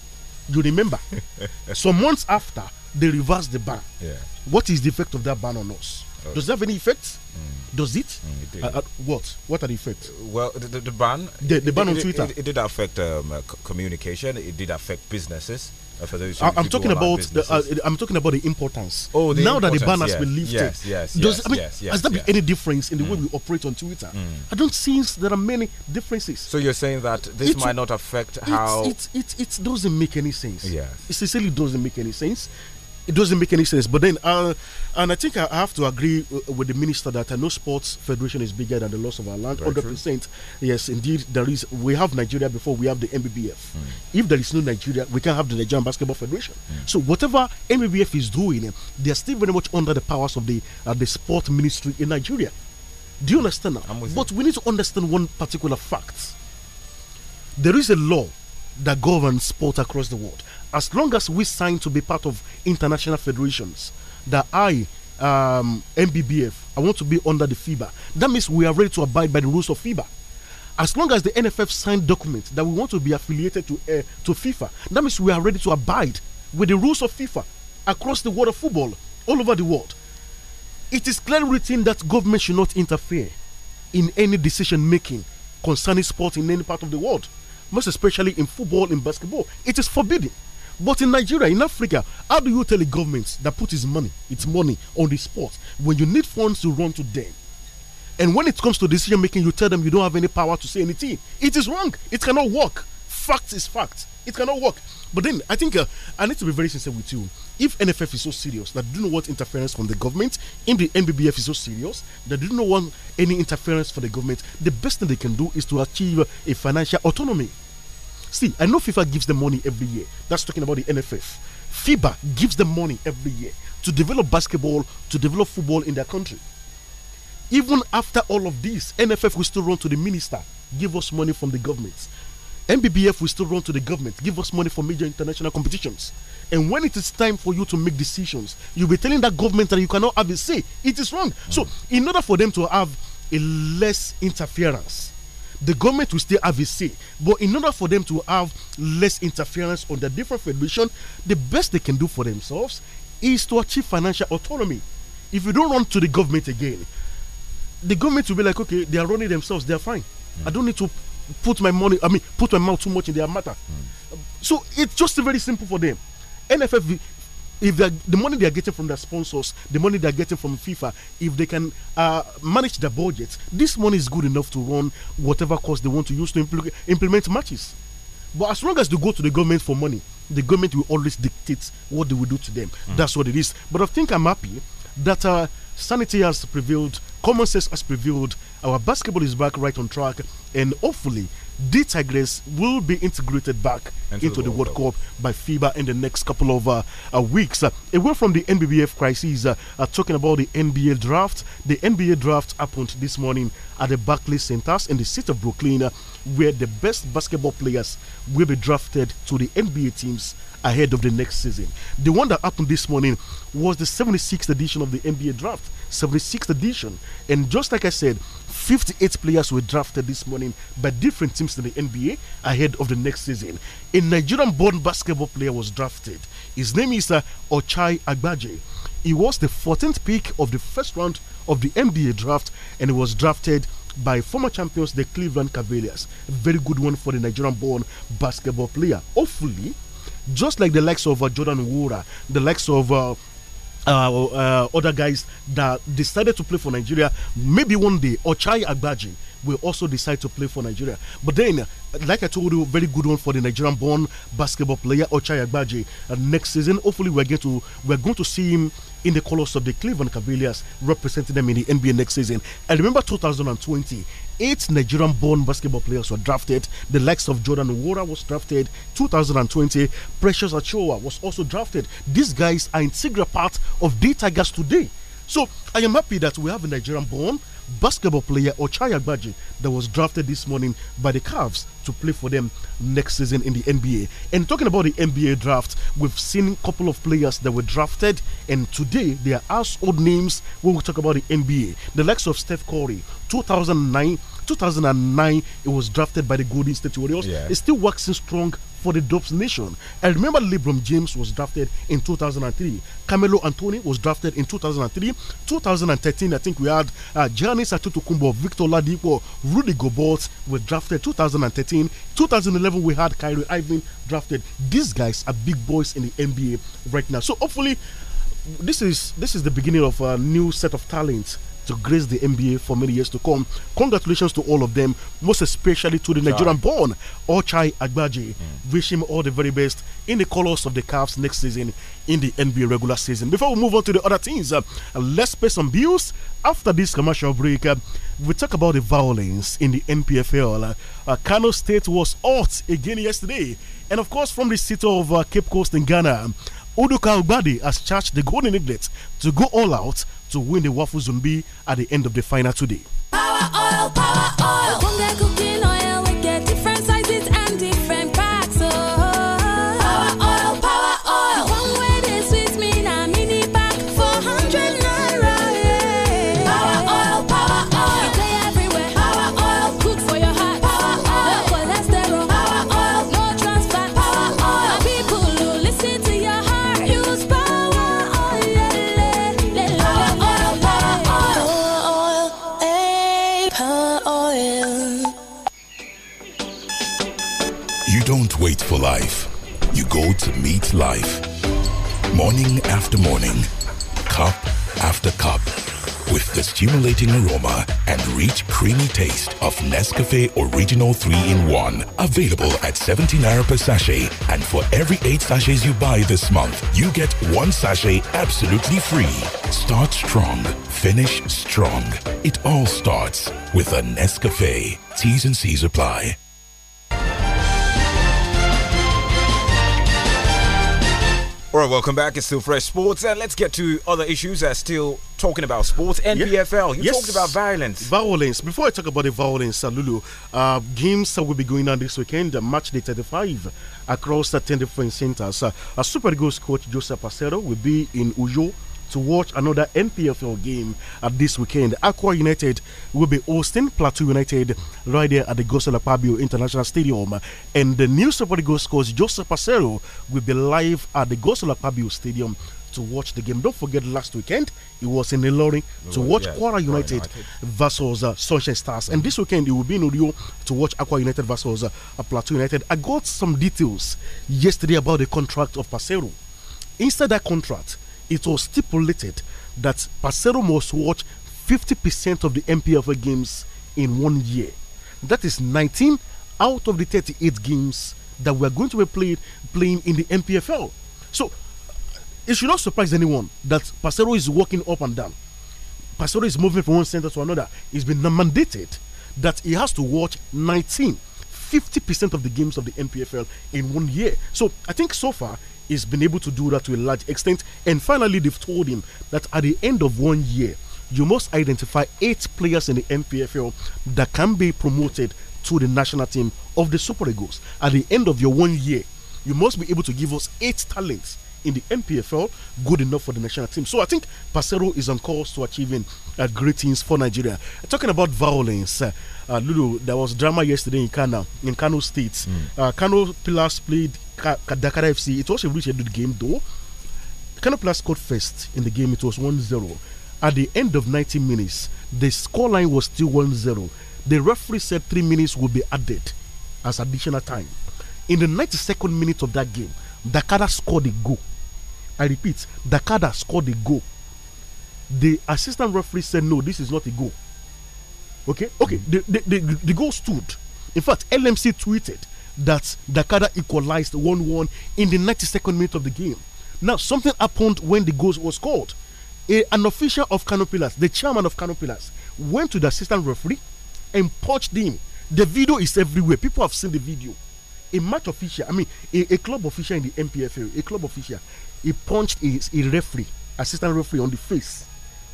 you remember, *laughs* some months after, they reversed the ban. Yeah. What is the effect of that ban on us? Okay. Does it have any effect? Mm. Does it? Mm, it uh, uh, what? What are the effects? Well, the, the, the ban. The, the ban did, on Twitter. It, it, did affect um, uh, communication. It did affect businesses. I'm talking about the, uh, I'm talking about the importance. Oh, the now importance, that the ban has yes, been lifted, yes, yes, does I mean has there been any difference in the mm. way we operate on Twitter? Mm. I don't see there are many differences. So you're saying that this it, might not affect how it, it, it, it doesn't make any sense. Yeah, it sincerely doesn't make any sense it doesn't make any sense. But then, uh, and I think I have to agree uh, with the minister that I know sports federation is bigger than the loss of our land. Hundred percent, yes, indeed. There is. We have Nigeria before we have the MBBF. Mm. If there is no Nigeria, we can't have the Nigerian Basketball Federation. Mm. So whatever MBBF is doing, they are still very much under the powers of the uh, the sport ministry in Nigeria. Do you understand now? But you. we need to understand one particular fact. There is a law that govern sport across the world. As long as we sign to be part of international federations, that I, um, MBBF, I want to be under the FIBA. That means we are ready to abide by the rules of FIBA. As long as the NFF signed document that we want to be affiliated to uh, to FIFA, that means we are ready to abide with the rules of FIFA across the world of football, all over the world. It is clearly written that government should not interfere in any decision making concerning sport in any part of the world most especially in football, in basketball. It is forbidden. But in Nigeria, in Africa, how do you tell a government that put its money, its money on the sport when you need funds to run to them? And when it comes to decision making, you tell them you don't have any power to say anything. It is wrong. It cannot work. Fact is fact. It cannot work. But then I think uh, I need to be very sincere with you. If NFF is so serious that do not want interference from the government, if the MBBF is so serious that do not want any interference from the government, the best thing they can do is to achieve a financial autonomy. See, I know FIFA gives them money every year. That's talking about the NFF. FIBA gives them money every year to develop basketball, to develop football in their country. Even after all of this, NFF will still run to the minister, give us money from the government. MBBF will still run to the government, give us money for major international competitions. And when it is time for you to make decisions, you'll be telling that government that you cannot have a say. It is wrong. Mm. So, in order for them to have a less interference, the government will still have a say. But in order for them to have less interference on the different federation, the best they can do for themselves is to achieve financial autonomy. If you don't run to the government again, the government will be like, okay, they are running themselves, they are fine. Mm. I don't need to put my money, I mean, put my mouth too much in their matter. Mm. So it's just very simple for them. NFF, if the money they are getting from their sponsors, the money they are getting from FIFA, if they can uh, manage their budget, this money is good enough to run whatever course they want to use to impl implement matches. But as long as they go to the government for money, the government will always dictate what they will do to them. Mm. That's what it is. But I think I'm happy that uh, sanity has prevailed Common sense has prevailed. Our basketball is back right on track, and hopefully, the Tigers will be integrated back into, into the World, World Cup. Cup by FIBA in the next couple of uh, uh, weeks. Uh, away from the NBBF crisis, uh, uh, talking about the NBA draft, the NBA draft happened this morning at the Barclays Center in the city of Brooklyn, uh, where the best basketball players will be drafted to the NBA teams ahead of the next season. The one that happened this morning was the 76th edition of the NBA draft, 76th edition. And just like I said, 58 players were drafted this morning by different teams in the NBA ahead of the next season. A Nigerian born basketball player was drafted. His name is uh, Ochai Agbaje. He was the 14th pick of the first round of the NBA draft and he was drafted by former champions the Cleveland Cavaliers. A Very good one for the Nigerian born basketball player. Hopefully, just like the likes of uh, Jordan Wura, the likes of. Uh, uh, uh, other guys that decided to play for Nigeria, maybe one day, Ochai Agbaji will also decide to play for Nigeria. But then, like I told you, very good one for the Nigerian-born basketball player Ochai Agbaji. Uh, next season, hopefully, we're going to we're going to see him in the colors of the Cleveland Cavaliers, representing them in the NBA next season. I remember 2020, eight Nigerian born basketball players were drafted. The likes of Jordan Nwora was drafted 2020. Precious Achoa was also drafted. These guys are integral part of the Tigers today. So I am happy that we have a Nigerian born basketball player Ochai Agbaji that was drafted this morning by the Cavs to play for them next season in the NBA. And talking about the NBA draft, we've seen a couple of players that were drafted, and today they are household names when we talk about the NBA. The likes of Steph Curry, 2009 2009, it was drafted by the Golden State Warriors. Yeah. It's still waxing strong for the Dubs Nation. I remember LeBron James was drafted in 2003. Camelo Anthony was drafted in 2003. 2013, I think we had uh, Giannis Antetokounmpo, Victor Ladipo, Rudy Gobert were drafted 2013. 2011, we had Kyrie Irving drafted. These guys are big boys in the NBA right now. So hopefully, this is this is the beginning of a new set of talents to grace the NBA for many years to come. Congratulations to all of them, most especially to the Nigerian born Ochai Agbaji. Mm. Wish him all the very best in the colors of the Cavs next season in the NBA regular season. Before we move on to the other teams, uh, let's pay some bills. After this commercial break, uh, we talk about the violence in the NPFL. Uh, uh, Kano State was out again yesterday. And of course, from the city of uh, Cape Coast in Ghana, Uduka Ubadi has charged the Golden Eaglets to go all out to win the Waffle Zombie at the end of the final today. Power oil, power oil. for life, you go to meet life. Morning after morning, cup after cup, with the stimulating aroma and rich creamy taste of Nescafe Original 3-in-1. Available at 17 naira per sachet. And for every 8 sachets you buy this month, you get 1 sachet absolutely free. Start strong, finish strong. It all starts with a Nescafe. T's and C's apply. All right, welcome back. It's still Fresh Sports, and let's get to other issues. Are still talking about sports. NPFL, you yes. talked about violence. Violence. Before I talk about the violence, Salulu, uh, uh, games will be going on this weekend, uh, match day 35, across the 10 different centers. Uh, Super Eagles coach Joseph Pacero will be in Ujo to watch another NPFL game at this weekend. Aqua United will be hosting Plateau United right there at the Gosela Pabio International Stadium. And the new Super goal coach Joseph Pacero will be live at the Gosela Pabio Stadium to watch the game. Don't forget last weekend it was in Ilorin to watch Aqua Quara United, versus uh, Sunshine Stars, mm -hmm. and this weekend it will be in Urio to watch Aqua United versus uh, Plateau United. I got some details yesterday about the contract of Pasero. Inside that contract, it was stipulated that Pacero must watch 50% of the MPFA games in one year. That is 19 out of the 38 games that were going to be played playing in the MPFL. So it should not surprise anyone that Pacero is walking up and down. Pacero is moving from one center to another. It's been mandated that he has to watch 19, 50% of the games of the MPFL in one year. So I think so far he's been able to do that to a large extent. And finally, they've told him that at the end of one year, you must identify eight players in the NPFL that can be promoted to the national team of the Super Eagles. At the end of your one year, you must be able to give us eight talents in the NPFL good enough for the national team. So I think Pacero is on course to achieving uh, great things for Nigeria. Talking about violence, uh, uh, Lulu, there was drama yesterday in Kano, in Kano State. Mm. Kano Pillars played Ka Dakar FC. It was a really good game though. Kano Pillars scored first in the game. It was 1-0. At the end of 90 minutes, the scoreline was still 1-0. The referee said three minutes would be added as additional time. In the 92nd minute of that game, Dakara scored a goal I repeat, Dakada scored a goal. The assistant referee said, no, this is not a goal. Okay, okay, mm the, the, the, the goal stood. In fact, LMC tweeted that Dakada equalized 1 1 in the 92nd minute of the game. Now, something happened when the goal was scored. A, an official of Canopilas, the chairman of Canopilas, went to the assistant referee and punched him. The video is everywhere. People have seen the video. A match official, I mean, a, a club official in the MPFL, a club official, he punched his a referee assistant referee on the face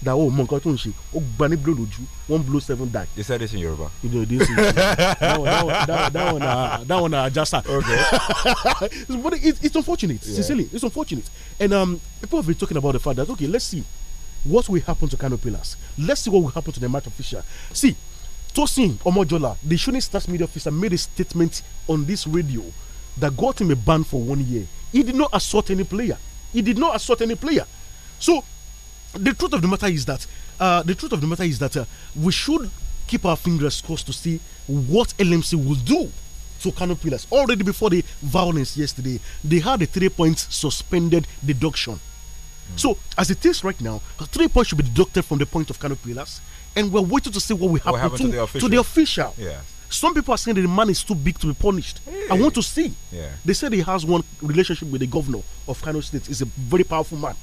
that oh mọ nǹkan ṣe ó gba ní blow lójú one blow seven die. they said this in Yoruba. you know this that one that one that, one na that one na uh, uh okay. *laughs* but it, it's unfortunate yeah. sincerely it's unfortunate and um, people have been talking about the fact that okay let's see what will happen to Kano Pillars let's see what will happen to the match official see Tosin Omojola the shooting stars media officer made a statement on this radio that got him a ban for one year he did not assault any player. He did not assault any player. So the truth of the matter is that uh, the truth of the matter is that uh, we should keep our fingers crossed to see what LMC will do to Kano Pillars. Already before the violence yesterday, they had a three point suspended deduction. Mm. So, as it is right now, three points should be deducted from the point of Kano Pillars, and we're waiting to see what will happen, what to, to, the official. To the official. Yes. Some people are saying that the man is too big to be punished. Hey. I want to see. Yeah. They said he has one relationship with the governor of Kano State. He's a very powerful man.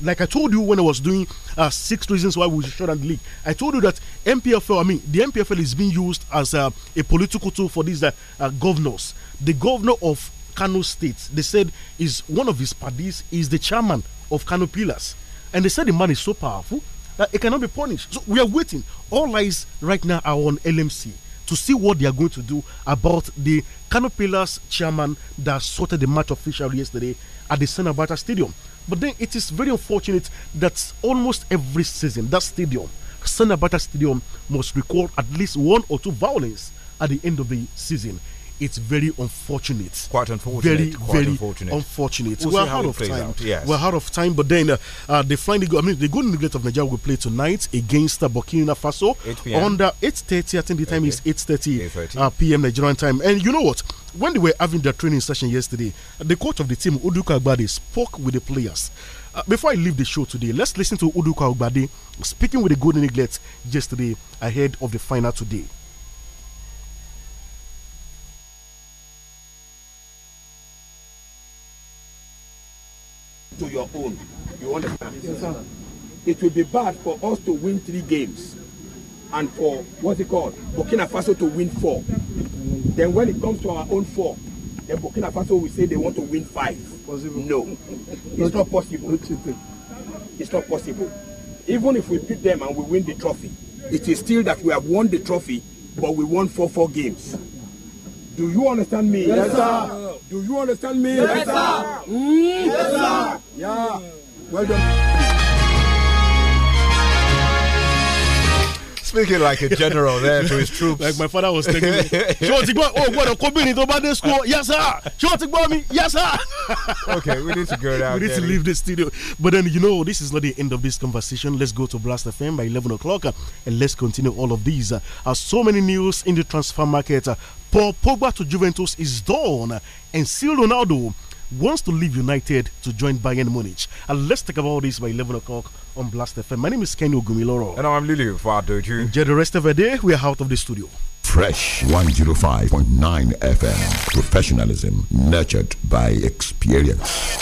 Like I told you when I was doing uh, six reasons why we should not leak, the league, I told you that MPFL, I mean, the MPFL is being used as uh, a political tool for these uh, uh, governors. The governor of Kano State, they said, is one of his parties, is the chairman of Kano Pillars. And they said the man is so powerful that it cannot be punished. So we are waiting. All eyes right now are on LMC to see what they are going to do about the Canopilas chairman that sorted the match official yesterday at the Senabata Stadium. But then it is very unfortunate that almost every season that stadium, Senabata Stadium, must record at least one or two violence at the end of the season it's very unfortunate. Quite unfortunate. Very, Quite very unfortunate. unfortunate. We'll We're out of time. Out. Yes. We're out of time. But then uh, uh, they finally go. I mean, the Golden Nuggets of Nigeria will play tonight against uh, Burkina Faso 8 under 8:30. I think the time okay. is 8:30 uh, p.m. Nigerian time. And you know what? When they were having their training session yesterday, the coach of the team Uduka Agbade spoke with the players. Uh, before I leave the show today, let's listen to Uduka Ogbade speaking with the Golden Eaglets yesterday ahead of the final today. to your own. You understand? Yes, sir. It will be bad for us to win three games and for what's it called? Burkina Faso to win four. Then when it comes to our own four, then Burkina Faso will say they want to win five. Possible. No. It's not possible. It's not possible. Even if we beat them and we win the trophy, it is still that we have won the trophy, but we won four-four games. Do you understand me? Yes, sir. Do you understand me? Yes, sir. Mm? Yes, sir. Yeah. Well done. Speaking like a general there to his troops. like my father was taking me. *laughs* oh what a bìnrin tó bá school? Yes sir. Ṣé o ti gbọ́ mi? Yes sir. *laughs* okay, we need to go down. *laughs* We need to leave the studio. But then, you know, this is not the end of this conversation. Let's go to Blast FM by 11 o'clock uh, and let's continue all of these. Uh, so many news in the transfer market. Uh, Paul Pogba to Juventus is done, and still Ronaldo wants to leave United to join Bayern Munich. And let's talk about this by 11 o'clock on Blast FM. My name is Kenny Ogumiloro. And I'm Lily Fadoju. Enjoy the rest of the day. We are out of the studio. Fresh 105.9 FM. Professionalism nurtured by experience.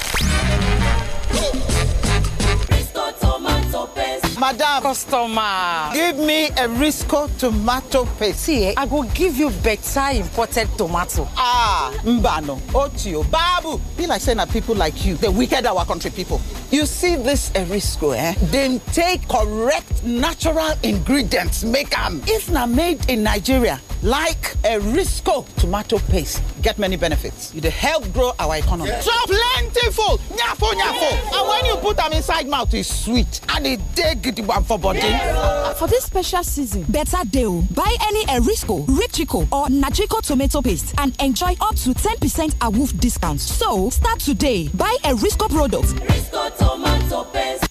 Madam. Customer. Give me a tomato paste. See, eh, I go give you better imported tomato. Ah, Mbano, Otio, Babu. Be like saying that people like you, the wicked our country people. You see this Erisco, eh? They take correct natural ingredients, make them. If not made in Nigeria, like a Risco tomato paste, get many benefits. They help grow our economy. Yeah. So plentiful, nyafu nyafu. Yeah. And when you put them inside mouth, it's sweet and it dey good one for body. Yeah. For this special season, better deal. Buy any Erisco, Richico, or Nachico tomato paste and enjoy up to ten percent awoof discount. So start today. Buy Erisco products. Erisco tomato paste.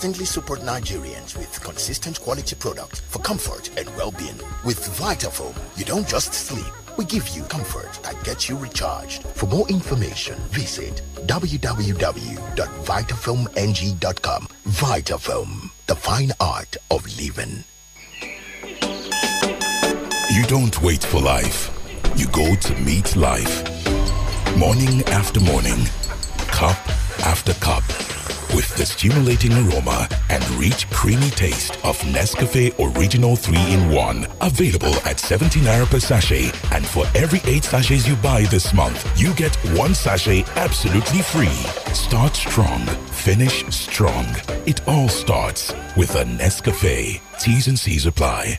consistently support Nigerians with consistent quality products for comfort and well-being. With VitaFoam, you don't just sleep. We give you comfort that gets you recharged. For more information, visit www.vitafilmng.com. VitaFilm, the fine art of living. You don't wait for life. You go to meet life. Morning after morning, cup after cup with the stimulating aroma and rich creamy taste of Nescafe Original 3-in-1. Available at 17 naira per sachet. And for every 8 sachets you buy this month, you get 1 sachet absolutely free. Start strong, finish strong. It all starts with a Nescafe. T's and C's apply.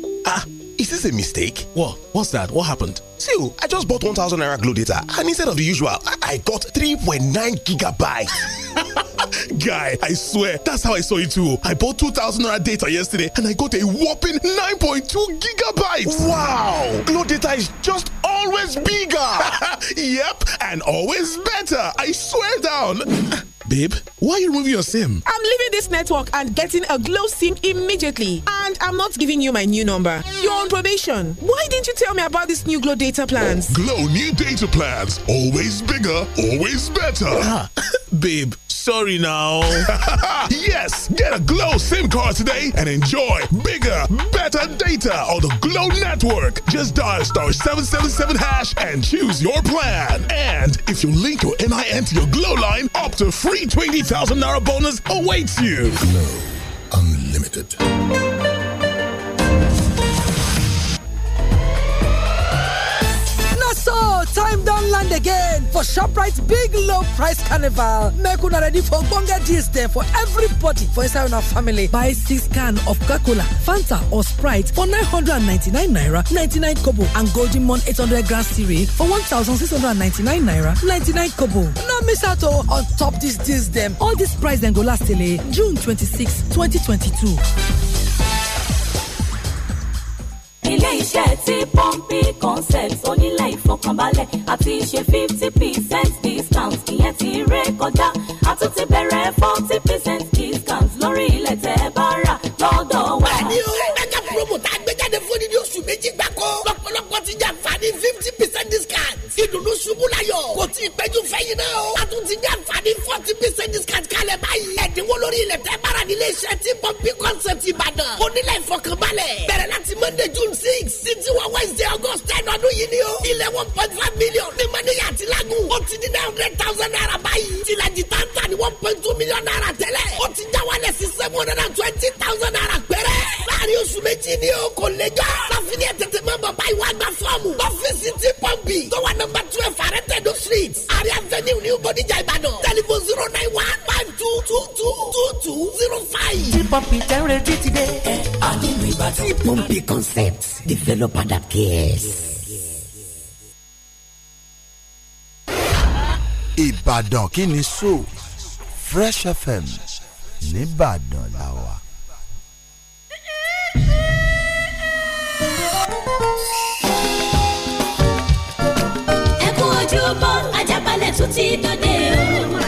is this a mistake? What? What's that? What happened? See, oh, I just bought 1000 Naira Glow data and instead of the usual, I, I got 3.9 gigabytes. *laughs* Guy, I swear, that's how I saw it too. I bought 2000 Naira data yesterday and I got a whopping 9.2 gigabytes. Wow! Glow data is just always bigger. *laughs* yep, and always better. I swear down. *laughs* Babe, why are you removing your SIM? I'm leaving this network and getting a Glow SIM immediately. And I'm not giving you my new number. You're on probation. Why didn't you tell me about this new Glow data plans? Glow new data plans. Always bigger, always better. Ah, *laughs* babe sorry now. *laughs* yes, get a Glow SIM card today and enjoy bigger, better data on the Glow network. Just dial star 777 hash and choose your plan. And if you link your NIN to your Glow line, up to free 20,000 Naira bonus awaits you. Glow Unlimited. time don land again for Shoprite's big low price carnival make una ready for ogbonge deals dem for everybody for inside una family buy six can of coca-cola fanta or sprite for 999 naira 99 kobo and golden mon 800 grand cereal for 1699 naira 99 kobo no miss out on top these deals them. all these price dem go last till eh, june 26 2022 ilé iṣẹ́ tí pọ́ǹpì concept onílé ìfọkànbalẹ̀ àti ṣe fifty percent discount ìyẹn ti ré kọjá a tún ti bẹ̀rẹ̀ forty percent discount lórí ilẹ̀ tẹ́ bá rà lọ́dọ̀ wa. bẹ́ẹ̀ ni o ẹ̀ka promo tá a gbé jáde fún ní oṣù méjì gbáko lọ́pọ̀lọpọ̀ ti jàǹfààní fifty percent discount. ìdùnnú ṣubú layọ̀ kò tí ì pẹ́jú fẹ́ yín náà o. a tún ti jàǹfààní forty percent discount kalẹ̀ báyìí. ẹ̀dínwó lórí ilẹ̀ tẹ́ bára nílé iṣẹ́ tí pọ́ńpì concept ìbàdàn. onílẹ̀ ìfọkànbalẹ̀ bẹ̀rẹ̀ láti monday june six sí tiwọn wednesday august ten ọdún yìí ni o. ilẹ̀ one point five million ní mọ́níyà àti lágùn. ó ti di nine hundred thousand naira báyìí. tìlàjì táǹtà ni one point two million naira tẹ́lẹ̀. ó ti já wálẹ̀ sí seven hundred and twenty thousand naira pẹ́rẹ́. láàrin oṣù méjì ni o kò lè jọ. láfi ní ẹ̀ tètè mọ́ bàbá ìwà àgbà f platform lọ́fíìsì ti pọ́ǹpì tó wà nọmba twelve àrẹ tẹ̀dó street àrẹ avenue new body bodijà ìbàdàn tẹlifon zero nine one five two two two two zero five. ti pọ́ǹpì tẹ́ ń retí ti dé. ẹ a nínú ìbàdàn. ti pọ́ǹpì concept developer that cares. ìbàdàn kí ni so fresh fm nìbàdàn làwà. ti dòde o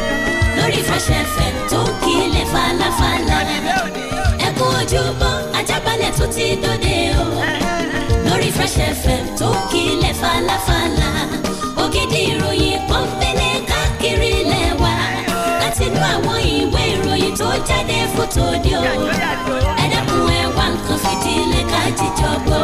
lórí fẹsẹ̀fẹ̀ tó ń kílẹ̀ falafala ẹ kú ojúbọ ajábalẹ̀ tó ti dòde o lórí fẹsẹ̀fẹ̀ tó ń kílẹ̀ falafala ògidì ìròyìn pọ́npẹ́lẹ́ káàkiri lẹ́wà láti inú àwọn ìwé ìròyìn tó jáde fótó di o ẹ dẹ́kun nǹkan fìdílé ká jíjọ gbọ́.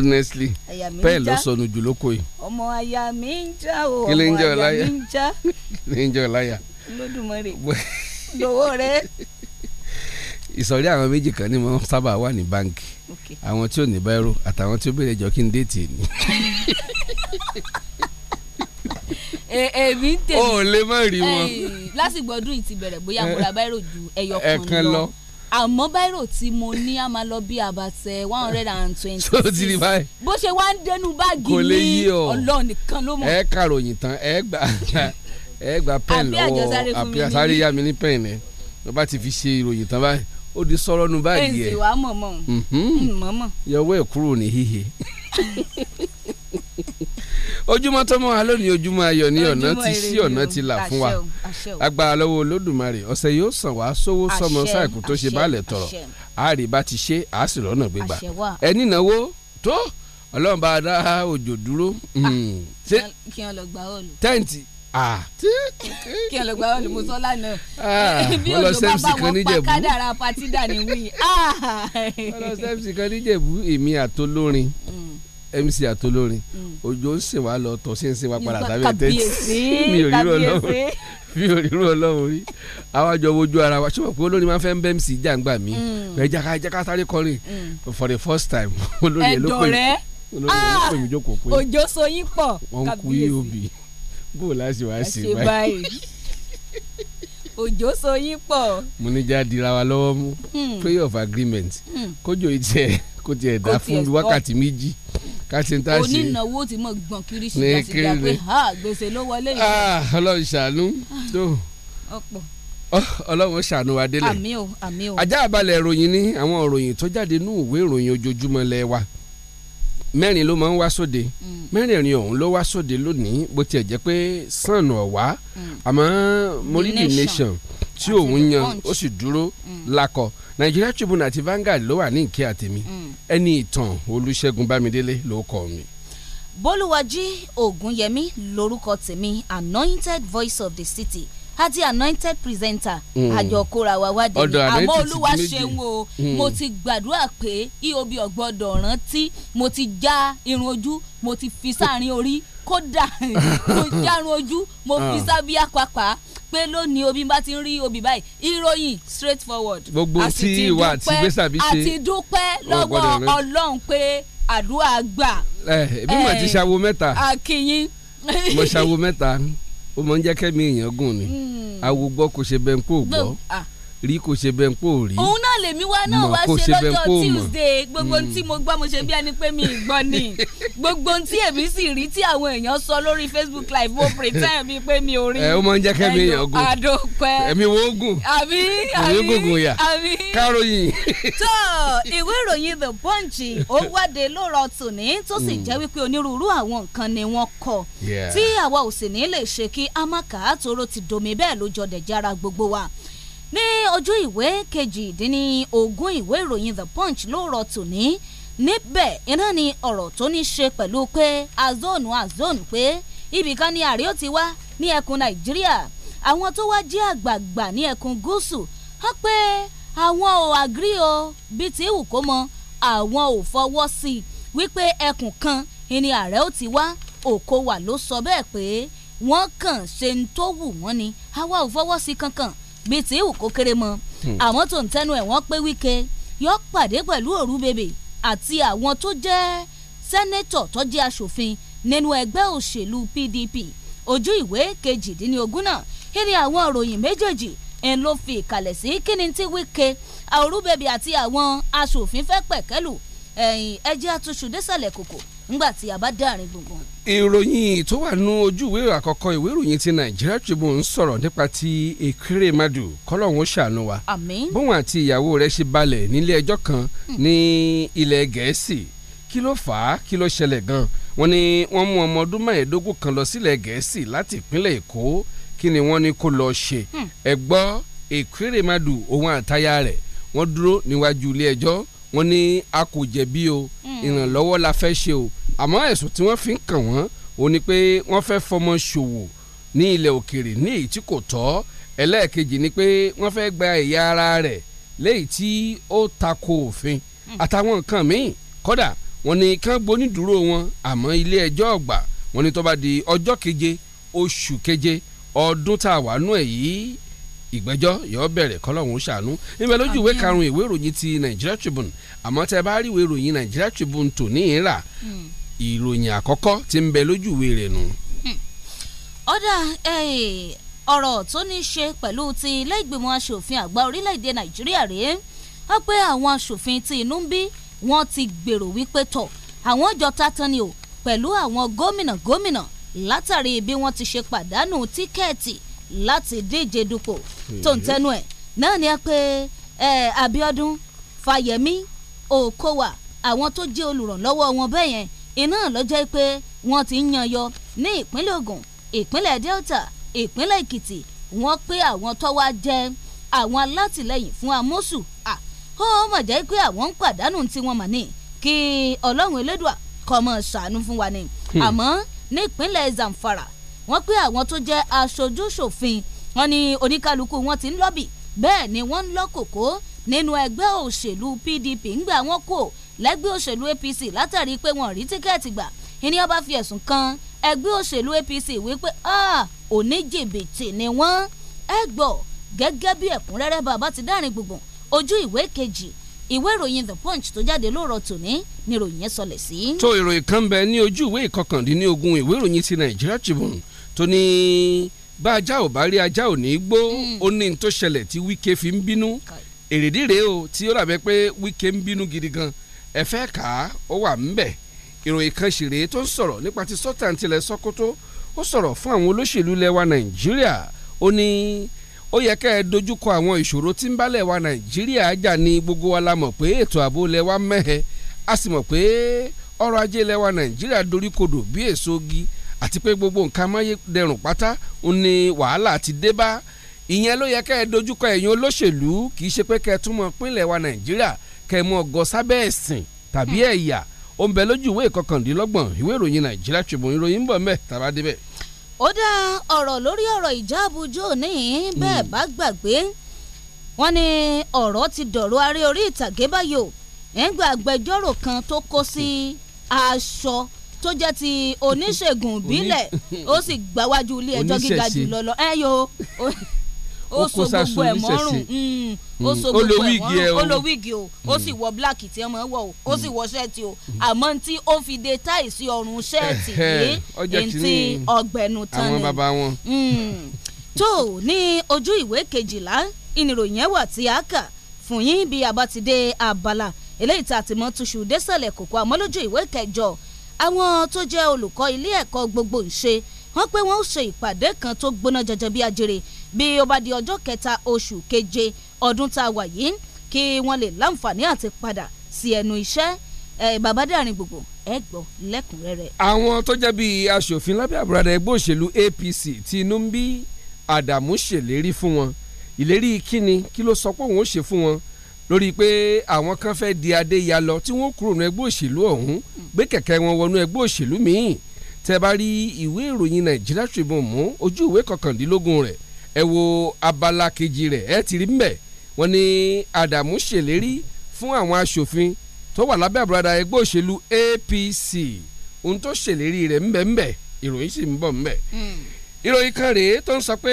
honestly bẹ́ẹ̀ ló sọnù jù lóko yìí. ọmọ àyà mi ń já o ọmọ àyà mi ń já. *laughs* kí ni ń jẹ́ ọláyà. lódùmarè lọ́wọ́ rẹ. *laughs* ìsọ̀rí àwọn méjì kan ní mo sábà wà ní báńkì àwọn tí ò ní báírò àtàwọn tí ó béèrè jọ kí n déètì ni. èmi *laughs* ń tèmi. o ò lè má rí wọn. lásìgbò ọdún yìí ti bóyá mo ra báírò ju ẹyọ kan lọ àmọ́ báírò tí mo ní a máa lọ bí àbàtẹ one hundred and twenty six so *laughs* ti rí báyìí bó ṣe wá ń dẹnu báàgì ní ọlọ́ọ̀ nìkan ló mọ̀. ẹ kàròyìn tán ẹ gbà ẹ gba pẹ́ẹ̀n lọ́wọ́ àbí àsáré yá mi ní pẹ́ẹ̀n rẹ̀ ló bá ti fi ṣe ìròyìn tán báyìí ó di sọ̀rọ̀ nu báyìí yẹ. èsì wa mọ̀mọ́ mhm. mọ̀mọ́. yọwọ́ ẹ̀ kúrò ní híhe. *laughs* ojúmọ́ tó mọ́ wa lónìí ojúmọ́ ayọ̀ ní ọ̀nà ti sí ọ̀nà ti là fún wa agbára lọ́wọ́ olódùmarè ọ̀sẹ̀ yóò sàn wá sówó sọmọ sáìkù tó ṣe báàlẹ̀ tọ̀rọ̀ àárẹ̀ bá ti ṣe àásì lọ́nà gbégbà ẹni náwó tó ọlọ́run bá dá òjò dúró. Ah, hmm. kí wọn lọ gba ọ̀lù. tẹ́ǹtì *laughs* kí wọn lọ gba ọ̀lù mo sọ *laughs* ah, *laughs* bí òjò bá wọn pa kádàrá patí dà ní wí. Ah. wọn lọ sẹ́ẹ̀sì kan níjẹ̀bú èmi àtolórin hmm mc àtolórin Ojo mm. ń sìn wá lọ tọ̀ sí ń sìn wá padà sábẹ́ tẹ́tí *laughs* mi ò *laughs* mi ò rírọ̀ ọlọ́run rí àwọn àjọ wojú ara wa ṣé wọ́n pé olórin máa ń fẹ́ ń bẹ́ mc jàǹgbà mi mm. ẹ̀ jàkà jàkà sáré kọrin mm. for the first time *laughs* olórin ló pè mí olórin ló ah! pè mí jókòó pé òjò soyín pọ̀ kàbíyèsí bóòlù àṣì wá ṣe báyìí òjò soyín pọ̀. mo ní já dira wa lọ́wọ́ mú hmm. prayer of agreement hmm. kójó ìjẹ́ kó tiẹ̀ dá fún wákàtí méjì kásìntàsì onínáwó ti mọ̀ gbọ̀n kiri síta síta pé ha gbèsè ló wọlé yìí. Ah, ọlọ́run ṣàánú ah, tó oh, ọlọ́run ṣàánú wa délẹ̀ àmín o àmín o. ajá àbálẹ̀ ìròyìn ní àwọn ìròyìn tó jáde ní ìwé ìròyìn ojoojúmọ́ lẹ wa mẹ́rin ló máa ń wá sóde mm. mẹ́rìnrin ọ̀hún ló wá sóde lónìí bó tiẹ̀ jẹ́ pé sànù ọ̀wá mm. àmọ́ mo rí the nation tí òun yan ó sì dúró mm. lákọ̀ọ́ Nigeria Tribune àti Vanguard ló wà ní ìkẹ́ àtẹ̀mí mm. ẹni ìtàn Olúṣẹ́gun Bámidélé ló kọ mi. Bólúwàjí Ògúnyẹmí lórúkọ tèmi anointed voice of the city àti anointed presenter mm. àjọ kóra wa wá dé ní àmọ́ olúwa ṣeun o mm. mo ti gbàdúrà pé ihobi ọ̀gbọ́dọ̀ rántí mo ti já irun ojú mo ti fi sáàrin orí kódà *laughs* mo járun ojú mo fi ah. sábíà pàpà pé lónìí obi bá ti ń rí obì báyìí ìròyìn straight forward. gbogbo tí ìwà àti gbèsàbí ṣe àti dúpẹ́ lọ́wọ́ ọlọ́run pé àdúrà gbà. ẹ bí *laughs* mo ti ṣàwo mẹ́ta akínyín. mo ṣàwo mẹ́ta ó mọ̀ ń jẹ́ kẹ́mi èèyàn gùn ni àwo hmm. kò ṣe bẹ́ẹ̀ ń gbọ́. Ah rí kò ṣe bẹ́ẹ̀ pò rí. òun náà lèmi wá náà wá ṣe lọ́jọ́ Tuesday gbogbo ohun hmm. tí mo gbọ́ mo ṣe bí ẹni pé mi gbọ́ ni *laughs* gbogbo ohun tí èmi sì rí tí àwọn èèyàn sọ lórí Facebook live mo pretend bíi pé mi ò rí. ẹ o máa ń jẹ́ kẹ́mi èèyàn gùn àdópẹ́ ẹ̀mí wo gùn àbí àbí àbí káròyìn. *laughs* tó ìwé ìròyìn The Punch ó wáde lóòrọ̀ tòní tó sì hmm. jẹ́ wípé onírúurú àwọn nǹkan ni wọ́n kọ tí àwa ò sì ní lè ṣe kí amákàá tóró ti domi bẹ́ẹ̀ ló jọ dẹ̀jára gbogbo wa ní ojú ìwé kejìdínlógún ìwé ìròyìn the punch ló rọ tòní níbẹ̀ iná ni ọ̀rọ̀ tó ní ṣe pẹ̀lú pé azonu azonu pé ibìkan ni ààrẹ ó ti wá ní ẹkùn nàìjíríà àwọn tó wá jẹ́ àgbààgbà ní ẹkùn gúúsù hàn pé àwọn ò àgírí o bíi ti wù kó mọ àwọn ò fọwọ́ sí i wípé ẹkùn kan ìní ààrẹ ó ti wá òkò wà ló sọ bẹ́ẹ̀ pé wọ́n kàn ṣe ń tó wù wọ́n ni àwa ò fọwọ́ sí kankan bíi tí ìwù kó kéré mọ́ hmm. àmọ́ tó ń tẹnu ẹ̀ wọ́n pé Wike yọ pàdé pẹ̀lú òru bèbè àti àwọn tó jẹ́ sẹ́nẹ́tọ̀ tó jẹ́ aṣòfin nínú ẹgbẹ́ òṣèlú PDP ojú ìwé kejìdínlógún náà ìní àwọn òròyìn méjèèjì ń ló fi ìkàlẹ̀ sí kíni tí Wike òru bèbè àti àwọn aṣòfin fẹ́ pẹ̀kẹ́lù ẹ̀yìn ẹjẹ́ àtúnṣu désàlẹ̀ kòkò ńgbà tí a bá dáàrin gbùngbùn. ìròyìn tó wà nú ojú ìwé àkọ́kọ́ ìwé ìròyìn ti Nigeria Tribune ń sọ̀rọ̀ nípa ti Ekweremadu kọ́lọ́hún ṣàánú wa àmín bóun àti ìyàwó rẹ̀ ṣe balẹ̀ nílé ẹjọ́ kan hmm. ní ilẹ̀ Gẹ̀ẹ́sì kí ló fà á kí ló ṣẹlẹ̀ gan wọ́n ní wọ́n mú ọmọ ọdún mẹ́ẹ̀ẹ́dógún kan lọ sílẹ̀ Gẹ̀ẹ́sì láti ìpínlẹ̀ Èkó kí ni wọ́n ní kó lọ ṣe hmm. ẹ gbọ́ Ekweremadu òun àtaya rẹ̀ wọ́n dúró níwájú ilé ẹjọ́ wọ́n ní a kò jẹ̀bi o hmm. ìrànlọ́wọ́ la fẹ́ ṣe o àmọ́ ẹ̀sùn tí wọ́n fi ń kàn wọ́n ó ní pé wọ́n fẹ́ fọmọ ṣòwò ní ilẹ̀ òkèrè ní èyí tí kò tọ́ ẹlẹ́ẹ̀kejì ni pé wọ́n fẹ́ gba ẹ̀yà ara rẹ̀ léyìí tí ó tako òfin àtàwọn nǹkan míì kódà wọ́n ní kán gbónídùúró wọn àmọ́ ilé ẹjọ́ ọ̀gbà wọ́n ní tó bá di ọjọ́ keje oṣù keje ọdún tá a wà nú ẹ̀ yìí ìgbẹ́jọ́ yóò bẹ̀rẹ̀ kọ́lọ́hún ṣàánú níbẹ̀ lójú ìwé karùn-ún ìwé ìròyìn ti Nigeria Tribune àmọ́ tẹ́ bá rí ìwé ìròyìn Nigeria Tribune tò ní ìhìn rà hmm ìròyìn àkọ́kọ́ tí ń bẹ lójú ìwé rẹ̀ nù. Hmm. ọ̀dà eh, ọ̀rọ̀ tó ní í ṣe pẹ̀lú ti ilé ìgbìmọ̀ asòfin àgbà orílẹ̀-èdè nàìjíríà rèé wọ́n pé àwọn asòfin tí inú ń bí wọ́n ti gbèrò wípé tọ̀ àwọn jọ tatan ni o pẹ̀lú àwọn gómìnà gómìnà látàrí bí wọ́n ti ṣe pàdánù tíkẹ́ẹ̀tì láti díje dupò tó ń tẹnu ẹ̀ náà ni a pé eh, Abíọ́dún Fáyẹmí Okowa àwọn tó jẹ́ olùrànlọ́wọ́ wọn bẹ́ẹ̀ yẹn iná ló jẹ́ pé wọ́n ti ń yanyọ ní ìpínlẹ̀ Ògùn ìpínlẹ̀ Delta ìpínlẹ̀ Èkìtì wọ́n pé àwọn tọ́wá jẹ́ àwọn alátìlẹyìn fún amósù ó mọ̀ jẹ́ pé àwọn ń pàdánù tí wọ́n mọ̀ ní kí ọlọ́run elédùà kó máa ṣàánú fún wa ni hmm. àmọ́ nípínlẹ̀ Zamfara wọ́n pé àwọn tó jẹ́ aṣojú ṣòfin wọ́n ní oníkálukú wọn ti ń lọ́bì bẹ́ẹ̀ ni wọ́n ń lọ́kòkó nínú ẹgbẹ́ òṣèlú PDP ńgbà wọn kò lẹ́gbẹ́ òṣèlú APC látàrí pé wọ́n rí tíkẹ́ẹ̀tì gbà ìní ọba fi ẹ̀sùn kan ẹgbẹ́ òṣèlú APC wípé oníjìbìtì ah, ni wọ́n ẹ gbọ́ gẹ́gẹ́ bí ẹ̀kúnrẹ́rẹ́ bàbá ti dárin gbùngbùn ojú ìwé kejì ìwé ìròyìn the punch tó jáde lóòrọ̀ tòní ni ìròyìn yẹn sọlẹ̀ sí. tó ìròyìn kan bẹ ní ojú ìwé ìkọkàndínlógún ìwé ìròyìn ti Nigeria Tribune tó ní bá ajá ò bá rí ajá ò ní gbó hmm. ó ní n tó ṣẹlẹ̀ tí Wike fi ń bínú èrèdí rèé o tí ó rà pé Wike ń bínú gidi gan-an ẹ fẹ́ kà á ó wà ńbẹ̀ ìròyìn kan sì rèé tó ń sọ̀rọ̀ nípa ti Sultan tilẹ̀ Sókótó ó sọ̀rọ̀ fún àwọn olóṣèlú lẹ́wà Nàìjíríà ó ní ó yẹ kẹ́ ẹ dojúkọ àwọn ìṣòro tí ń bá lẹ́wà Nàìjíríà jà ní gbogbo wa la mọ̀ pé ètò ààbò lẹ́wà mẹ́hẹ́ a sì mọ̀ pé ọrọ̀ ajé lẹ́wà Nàìjíríà doríkodò bí èso gi àti pé gbogbo nǹkan amáyédẹrùn pátá ń ní wàhálà ti dé bá ìyẹn ló yẹ kẹ́ ẹ dojúkọ ẹ̀yin olóṣèlú kì í ṣe pé kẹ́ ẹ túmọ̀ pínlẹ̀ wa Nàìjíríà kẹmú ọgọ sábẹ́ ẹ̀sìn tàbí hmm. ẹ̀yà ó ń bẹ lójú ìwé ìkọkàndínlọ́gbọ̀n ìwé ìròyìn Nàìjíríà Tribune ìròyìn ń bọ̀ mẹ́ tàbá débẹ̀. ó dá ọ̀rọ̀ lórí ọ̀rọ̀ ìjáàbù joe ní bẹ́ẹ̀ hmm. bá gbàgbé wọ́n ní ọ̀rọ̀ ti dọ̀rọ̀ aré orí ìtàgé báyò ẹ̀ńgbà agbẹjọ́rò kan tó kó sí aṣọ tó jẹ́ ti oníṣègùn *laughs* ìbílẹ̀ ó sì gbáwájú ilé ẹjọ́ gíga jùlọ lọ ẹ̀yọ́ *laughs* Mm. Mm. ó so gbogbo ẹ̀ mọ́rùn ó so gbogbo ẹ̀ mọ́rùn ó lo wíìgì o ó sì mm. wọ black tí ẹ máa ń wọ̀ o ó sì wọ ṣẹ́ẹ̀tì o àmọ́ tí ó fi de táì sí ọrùn ṣẹ́ẹ̀tì yìí ntí ọgbẹ̀nu tán ni àwọn bàbá wọn. tó ní ojú ìwé kejìlá ìnìròyìn ẹ̀ wà tí a kà fún yín bí a abala eléyìí tá a ti mọ tuṣu désàlẹ̀ kókó àmọ́ lójú ìwé kẹjọ àwọn tó jẹ́ olùkọ́ ilé ẹ̀kọ́ gbogbo ń ṣe wọ́n pé wọ́n ó ṣe ìpàdé kan tó gbóná jẹjẹ bí ajere bí ó bá di ọjọ́ kẹta oṣù keje ọdún tá a wà yìí kí wọ́n lè láǹfààní àti padà sí ẹnu iṣẹ́ bàbá dàrin gbogbo ẹ gbọ́ lẹ́kùnrẹ́rẹ́. àwọn tó jẹ́ bíi aṣòfin lábẹ́ àbúradà ẹgbẹ́ òṣèlú APC tí inú ń bí Àdàmú ṣèlérí fún wọn ìlérí kíni kí ló sọ pé òun ó ṣe fún wọn lórí pé àwọn kan fẹ́ di adé ya lọ tí wọ́n kúrò ní ẹgbẹ́ òṣèlú ọ̀hún gbé kẹ̀kẹ́ wọn wọnú ẹgbẹ́ òṣèlú míì tẹ́ bá rí ìwé ìròyìn Nigeria Tribune mú ojú ìwé kọkàndínlógún rẹ̀ ẹ wo abala kejì rẹ̀ ẹ ti rí mbẹ̀ wọ́n ní Adamu ṣèlérí fún àwọn aṣòfin tó wà lábẹ́ àbúradà ẹgbẹ́ òṣèlú APC ohun tó ṣèlérí rẹ̀ mbẹ̀ mbẹ̀ ìròyìn sì ń bọ̀ mbẹ̀ hmm. ìròyìn kan rèé tó ń sọ pé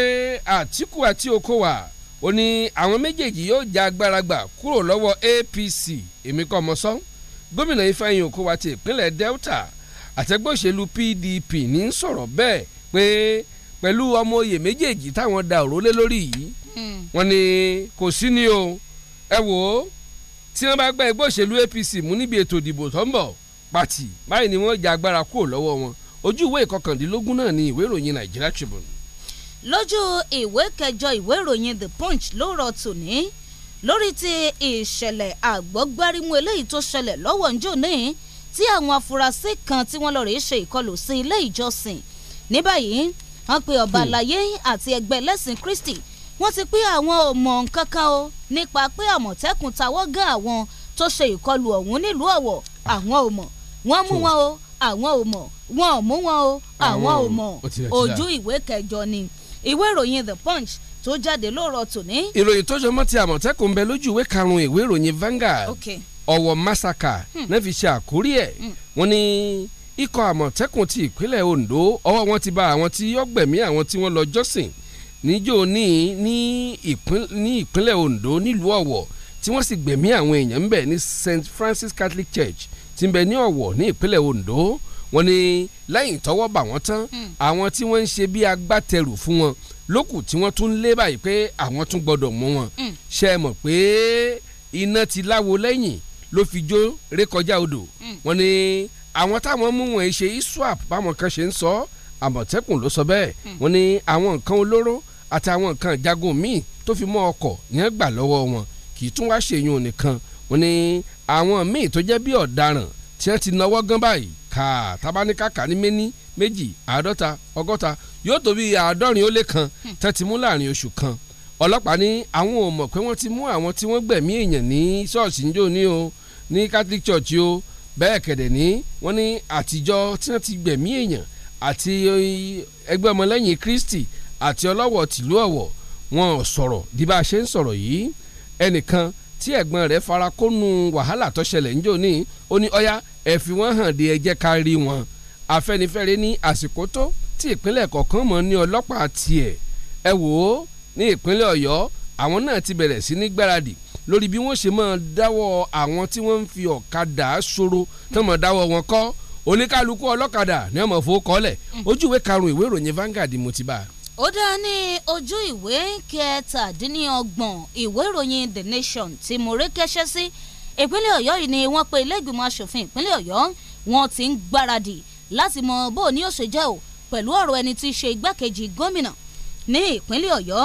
Àtíkù àti Okowa ó ní àwọn méjèèjì yóò já agbára gbà kúrò lọ́wọ́ APC èmi kọ́ ọmọ sọ́n gómìnà Ifeanyi Okowa ti ìpínlẹ̀ Delta àtẹgbẹ́ òṣèlú PDP ní sọ̀rọ̀ bẹ́ẹ̀ pé pẹ̀lú ọmọ oyè méjèèjì táwọn da òrólé lórí yìí hmm. wọ́n ní kò sí ni o ẹ wò ó tí wọ́n bá gba ẹgbẹ́ òṣèlú APC mú níbi ètò ìdìbò tó ń bọ̀ pàtì báyìí ni wọ́n ja agbára kúrò lọ́wọ́ wọn ojú ìwé ìkọkàndínlógún náà ni ìwé ìròyìn Nigeria Tribune. lójú ìwé kẹjọ ìwé ìròyìn The Punch ló rọ tòní lórí ti ìṣẹ̀lẹ̀ àgbọ́gbárímú eléyìí tó ṣẹlẹ̀ lọ́wọ́ njó ní tí àwọn afurasí kan tí wọ́n lọ rèé ṣe ìkọlù sí ilé ìjọsìn ní báyìí wọ́n pe ọba àlàyé hmm. àti ẹgbẹ́ ẹlẹ́sìn Kristi wọ́n ti pín àwọn ò mọ̀ nǹkan kan o nípa pé àmọ̀tẹ́kùn tawọ́ gan àwọn tó ṣe ìkọlù ọ̀hún nílùú ọ̀wọ̀ àwọn ò mọ̀ wọ́n mú hmm. wọn o àwọn ò mọ̀ wọn ò mú wọn o àwọn ò mọ̀ ojú ìwé kẹjọ ni ìwé ìròyìn The Punch tó jáde lóòrọ̀ tòní. ìròyìn tó jọmọ́ ti àmọ̀tẹ́kùn bẹ lójú ìwé karùn-ún ìwé ìròyìn Vanguard ọ̀wọ̀ massacre hmm. náà fi ṣe àkórí ẹ̀ wọ́n ní ikọ̀ àmọ̀tẹ́kùn ti ìpínlẹ̀ Ondo ọwọ́ wọn ti bà àwọn tí ó gbẹ̀mí àwọn tí wọ́n lọ jọ́sìn níjó ní ní ìpínlẹ̀ Ondo nílùú Ọ̀wọ̀ tí wọ́n sì gbẹ̀mí àwọn èèyàn ńbẹ̀ ní St Francis Catholic Church tí ń bẹ ní Ọ̀wọ̀ ní ìpínlẹ̀ Ondo wọ́n ní lẹ́yìn tọ́wọ́ bà wọ́n tán hmm. àwọn tí wọ́n ń ṣe bí agbátẹrù fún wọn lókù tí wọ́n tún lé báyìí pé àwọn tún gbọ́dọ̀ mú wọn hmm. ṣe mọ̀ pé iná ti láwo lẹ́yìn ló fi jó rékọjá odò hmm. wọ́n ní àwọn táwọn mú wọn ṣe iswap báwọn kan ṣe ń sọ àmọ̀tẹ́kùn ló sọ bẹ́ẹ̀ hmm. wọ́n ní àwọn nǹkan olóró àtàwọn nǹkan jagun míì tó fi mọ́ ọkọ̀ yẹn gbà lọ́wọ́ wọn kì í tún wá ṣèyún nìkan wọ́n ní àwọn míì tó jẹ́ bí ọ̀daràn tí wọ́n ti náwó gan báyìí kà tábánikàkà ní méní méjì àádọ́ta ọgọ́ta yóò tó bí àádọ́rin ó lé kan hmm. tẹ́ ti mú láàrin oṣù kan ọlọ́pàá ní àwọn ò mọ̀ pé wọ́n ti mú àwọn tí wọ́n gbẹ̀mí èèyàn ní ṣọ́ọ̀ṣì níjó ní o ní Catholic Church o bẹ́ẹ̀ kẹ̀dẹ̀ ní wọ́n ní àtijọ́ tí wọ́n ti gbẹ̀mí èèyàn àti ẹgbẹ́ ọmọlẹ́yìn Kristi àti ọlọ́wọ̀ tìlú ọ̀wọ̀ wọn ò sọ̀rọ̀ di bá a ṣe ń sọ̀rọ̀ yìí ẹnìkan tí ẹ̀gbọ́n rẹ̀ fara kónú wàhálà tó ṣẹlẹ̀ ńjọ́ ní ó ní ọ̀yá ẹ fi wọ́n hàn dé ẹ jẹ́ ká rí wọn Afẹ́nifẹ́re ní àsìkò tó tí ìpínlẹ̀ kọ̀ọ̀kan mọ̀ ní ọlọ́pàá tiẹ̀ ẹ wò ó ní ìpínlẹ̀ Ọ̀yọ́ àwọn náà ti bẹ̀rẹ̀ sí ní gbáradì lórí bí wọ́n ṣe máa dáwọ́ àwọn tí wọ́n ń fi ọ̀kadà ṣòro tán máa dáwọ́ wọn kọ́ oníkálukú ọlọ́kadà ní ọmọ fowókọ́lẹ̀ ojú ìwé karùn-ún ìwé ìròyìn Vanguard mo ti bá a. ó dá ní ojú ìwé kẹtàdínlọ́gbọ̀n ìwé ìròyìn The Nation tí mo rí kẹ́sẹ́ sí ìpínlẹ̀ Ọ̀yọ́ yìí ni wọ́n pe ilé ìgbìmọ̀ asòfin ìpínlẹ̀ Ọ̀yọ́ wọn ti ń gbáradì láti mọ bó o ní òṣèjẹ́ o pẹ̀lú ọ̀rọ̀ ẹni tí í ṣe igbákejì gómìnà ní ìpínlẹ̀ Ọ̀yọ́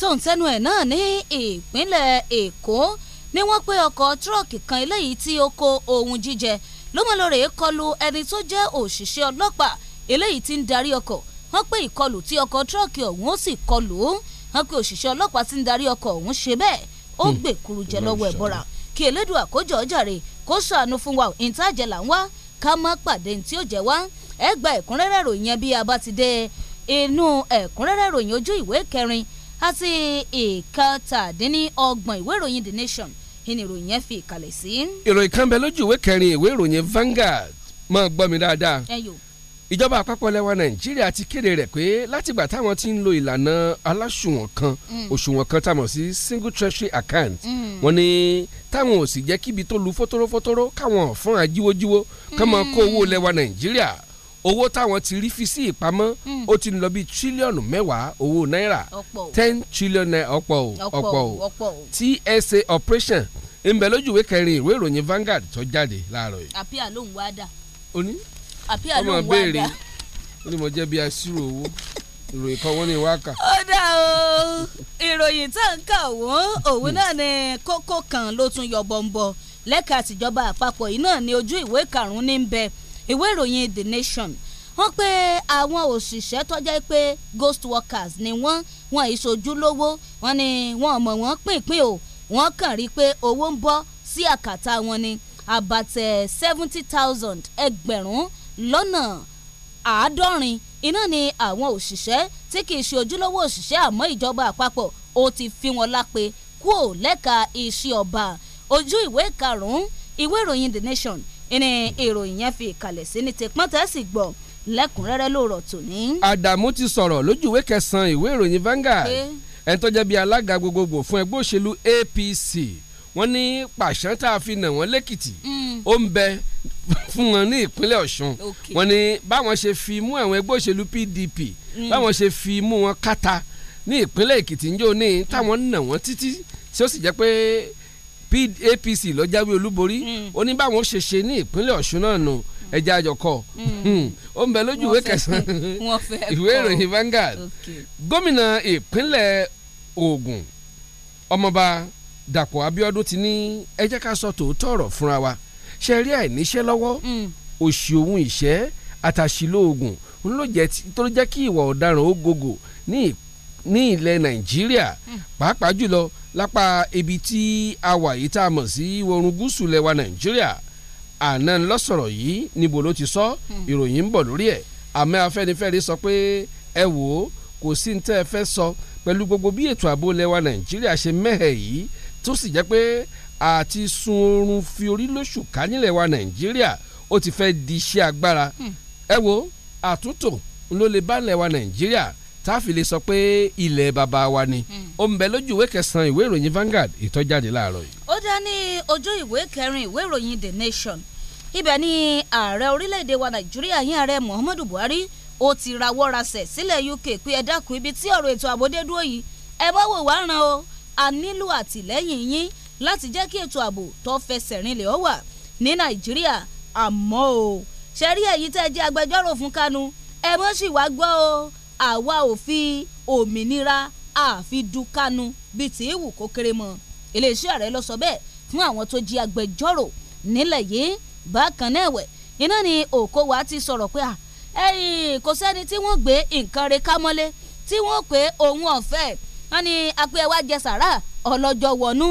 tó ń tẹnu ẹ̀ náà ní ìpínlẹ̀ Èkó ni wọ́n pé ọkọ̀ tírọ̀kì kan eléyìí tí ó kó ohun jíjẹ lómọlórè kọlu ẹni tó jẹ́ òṣìṣẹ́ ọlọ́pàá eléyìí tí ń darí ọkọ̀ wọ́n pé ìkọlù tí ọkọ̀ tírọ̀kì ọ̀hún ó sì kọlù ó wọ́n pé òṣìṣẹ́ ọlọ́pàá tí ń darí ọkọ̀ ọ̀hún ṣe bẹ́ẹ̀ ó hmm. gbè kuru jẹ lọ́wọ́ ẹ̀ bọ́ra kí elédùn àkójọ ọjàre kó ṣàánú fún wa ìtajà là ń wá ká má pàdé tí ó jẹ wá ẹ gba ẹ̀kúnrẹ́rẹ́ ròyìn bí a bá ti dé inú ẹ̀kúnrẹ́rẹ́ ròyìn ojú ìwé kẹrin àti ìkẹtàdínníọgbọ̀n ìwé ìròyìn The Nation ìní ìròyìn yẹn fi ìkàlẹ̀ sí. ìròyìn kan bẹ lójú ìwé kẹrin ìwé ìròyìn Vanguard máa gbọ́ mi dáadáa. ìjọba àpapọ̀ lẹ́wà Nàìjíríà ti kéde rẹ̀ pé látìgbà táwọn ti ń lo ìlànà aláṣùwọ̀n kan mm. òṣùwọ̀n kan tàmọ̀ sí single treasury account mm. wọ́n ní táwọn ò sì jẹ́ kíbi tó lu fótóró fótóró káwọn fún àjíwójíwó kán máa kó owó lẹ́wà Nàìjíríà owó táwọn ti rí fi sí ìpamọ́ hmm. ó ti lọ bí tírílíọ̀nù mẹ́wàá owó náírà ten trillion naira ọ̀pọ̀ o ọ̀pọ̀ o TSA operation ìbẹ̀ lójú ìwé kẹrin ìwé ìròyìn Vanguard tó jáde láàárọ̀ yìí. àpíà ló ń wá dà. o ní ọmọ béèrè ó ní mo jẹ́ bí aṣírò owó ìròyìn kan wọ́n ní wákà. ó dá o ìròyìn tá n kà wọ́n òun náà ni kókó kan ló tún yọ bọ́ńbọ́ lẹ́ka àtijọba àpapọ̀ yìí náà ni ojú ìwé karùn-ún ní bẹ́ẹ̀ ìwé ìròyìn the nation wọ́n pé àwọn òṣìṣẹ́ tó jẹ́ pé ghost workers ni wọ́n wọ́n ìṣojúlówó wọ́n ní wọ́n mọ̀ wọ́n pínpín o wọ́n kàn rí i pé owó ń bọ́ sí àkàtà wọn ni àbàtẹ̀ seventy thousand ẹgbẹ̀rún lọ́nà àádọ́rin iná ni àwọn òṣìṣẹ́ tí kì í ṣe ojúlówó òṣìṣẹ́ àmọ́ ìjọba àpapọ̀ ó ti fi wọn lápè kúò lẹ́ka iṣẹ́ ọba ojú ìwé karùn-ún ìwé ìròyìn the nation ní ìròyìn yẹn fi ìkàlẹ̀ sí ní tẹpọ́ntẹ́sì gbọ́ lẹ́kùnrẹ́rẹ́ lóòrọ̀ tòní. Àdàmú ti sọ̀rọ̀ lójú ìwé kẹsàn-án ìwé ìròyìn Vanguard ẹni bíi alága gbogbogbò fún ẹgbẹ́ òṣèlú APC wọ́n ní pàṣán tá a fi nà wọ́n lẹ́kìtì hmm. ó ń bẹ fún wọn ní ìpínlẹ̀ Ọ̀ṣun wọ́n ní báwọn ṣe fi mú àwọn ẹgbẹ́ òṣèlú PDP hmm. báwọn ṣe fi mú wọn kátà ní ìpínlẹ̀ Èkìtì ń jò ní táwọn nà wọ́n títí tí ó sì jẹ́ pé apc ló jáwé olúborí hmm. ó ní báwọn ṣe ṣe ní ìpínlẹ̀ ọ̀ṣun náà nù hmm. ẹja àjọkọ hmm. ó ń bẹ lójú ìwé kẹsàn-án ìwé ìròyìn Vanguard gómìnà ìpínlẹ̀ Ògùn ọmọọba Dàpọ̀ Abíọ́dún ti ní ẹ jẹ́ ká sọ tòótọ́ ọ̀rọ̀ fúnra wa ṣe rí àìníṣẹ́ lọ́wọ́ òṣì òun ìṣẹ́ àtàṣìlò oògùn tó ló jẹ́ kí ìwà ọ̀daràn ó gògò ní ilẹ̀ Nàìjíríà pàápàá jùlọ lápá ibi tí a wà yìí tá a mọ̀ sí ìwọ̀rùn gúúsù lẹwa nàìjíríà àná lọ́sọ̀rọ̀ yìí níbo ló ti sọ hmm. ìròyìn ń bọ̀ lórí ẹ̀ àmọ́ afẹ́nifẹ́re sọ pé ẹ wò ó kò sí ní tẹ́ ẹ fẹ́ sọ pẹ̀lú gbogbo bí ètò ààbò lẹwa nàìjíríà ṣe mẹ́hẹ̀ yìí tó sì jẹ́ pé àti sun oorun fi orí lóṣù ká nílẹ̀ wa nàìjíríà ó ti fẹ́ di iṣẹ́ agbára hmm. ẹ wò àtúntò ló lè bá lẹwa nàìjíríà táàfì lè sọ pé ilẹ̀ bàbá wa ni hmm. ó ń bẹ lójú ìwé kẹsàn-án ìwé ìròyìn Vanguard ìtọ́jáde láàárọ̀ yìí. ó dá ní ojú ìwé kẹrin ìwé ìròyìn The Nation ibẹ̀ ni ààrẹ orílẹ̀-èdè wa Nàìjíríà yín ààrẹ Muhammadu Buhari ó ti rawọ́ rasẹ̀ sílẹ̀ UK pé ẹ dákun ibi tí ọ̀rọ̀ ètò ààbò dé dúró yìí ẹ bá wò wá ràn o a nílò àtìlẹ́yìn yín láti jẹ́ kí ètò ààbò tó fẹsẹ̀ rinlẹ̀ ó wà ní Nàìjíríà àmọ́ o ṣẹ́rí ẹ̀yìn tẹ́ ẹ jẹ́ agbẹjọ́rò fún Kanu ẹ mọ́ sì wá gbọ́ o àwa ò fi òmìnira àfi dukanu bíi tí ìwù kó kéré mọ́ iléeṣẹ́ ààrẹ lọ sọ bẹ́ẹ̀ fún àwọn tó jí agbẹjọ́rò nílẹ̀ yìí bákan náà ẹ̀wẹ̀ iná ni Okowa ti sọ̀rọ̀ pé ẹ̀yìn kò sẹ́ni tí wọ́n gbé nǹkan re kámọ́lé tí wọ́n pé òun ọ̀fẹ́ wọ́n ní apẹ́ wa jẹ sàrà ọlọ́jọ́ wọnú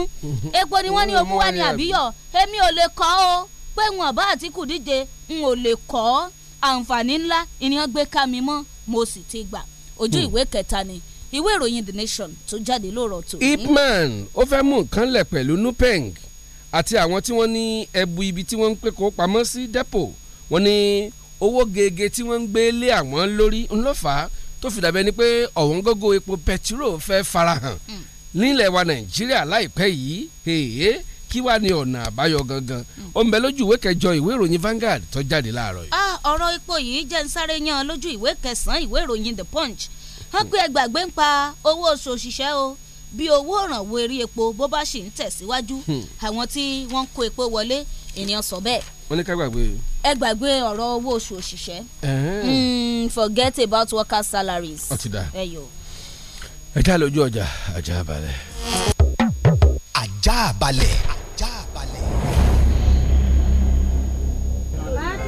*laughs* epo ni wọ́n ní omu wa ni àbíyọ̀ èmi ò lè kọ́ o pé wọn bá Àtíkù díje n ò lè kọ́ àǹfààní ńlá ìníyàn gbé ká mi mọ́ mo sì ti gbà ojú hmm. ìwé kẹta ni ìwé ìròyìn the nation tó jáde lóòrọ̀ tó ní. ipman ó fẹ́ mú nǹkan lẹ̀ pẹ̀lú nupeng àti àwọn tí wọ́n ní ẹbu ibi tí wọ́n ń pè kó pamọ́ sí depo wọ́n ní owó gègé tí wọ́n ń gbé lé àwọn lórí ńlọ́fà tó fi dàbẹ́ ni pé ọ̀wọ́n gógó epo pẹtiró fẹ́ farahàn hmm. nílẹ̀ wa nàìjíríà láìpẹ́ yìí kí wàá ní ọ̀nà àbáyọ gangan ó ń bẹ lójú ìwé kẹjọ ìwé ìròyìn Vanguard tó jáde láàárọ̀ yìí. ọ̀rọ̀ ipò yìí jẹ́ ń sáré yan lójú ìwé kẹsàn-án ìwé ìròyìn The Punch wọ́n pe ẹgbàgbé ń pa owó oṣù òṣìṣẹ́ o bí owó òrànwó eré epo bó bá sì ń tẹ̀síwájú hmm. àwọn tí wọ́n kó epo wọlé ènìyàn sọ bẹ́ẹ̀. wọ́n ní ká gbàgbé. ẹ gbàgbé ọ̀rọ̀ owó oṣù òṣìṣẹ́. Hmm, forget about worker salaries. ọtí da ẹ yọ. ẹ já lójú ọjà ajá balẹ̀ ajá balẹ̀.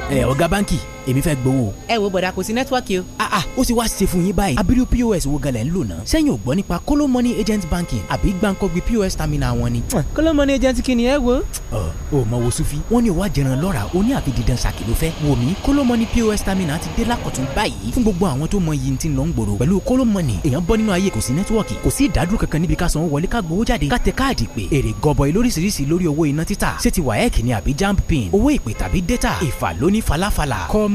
ẹ ọ̀gá báńkì èmi fẹ́ gbowó. ẹ wo bọ̀dà kò sí nẹ́tíwọ́ọ̀kì o. a ah, a ah, ó ti wá ṣe fún yín báyìí abiru pos wo gẹlẹ̀ ń lò náà sẹ́yìn ò gbọ́ nípa kóló mọ́ni agent banking àbí gbàǹkọ́gbì pos terminal wọn ni. kóló mọ́ni agent kí ni ẹ wo. ọ ò mọ wo sufi wọn ni wàá jẹran lọ́ra o ní àfi didan ṣàkì ló fẹ́ wò mí kóló mọ́ni pos terminal ti dé lákọ̀tún báyìí fún gbogbo àwọn tó mọ iye tí ń lọ ń gbòòrò pẹ̀lú kóló mọ́ni èèyàn bọ́ nínú ayé kò sí nẹ́tíwọ́ọ̀kì kò sí ìdádúró kankan níbi ká sanwó wọlé ká gbowó jáde ká tẹ ni àbí jamb pin owó ìpè data ìfà falafala com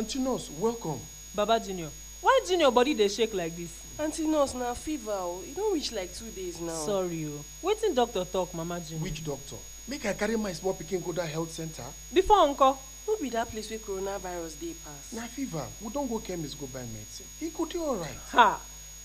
aunty nurse welcome. baba junior why junior body dey shake like this. aunty nurse na fever o e don reach like two days now. sorry o wetin doctor talk mama junior. which doctor make i carry my small pikin go that health center. before uncle. no be that place wey coronavirus dey pass. na fever we don go chemist go buy medicine He go dey alright. ha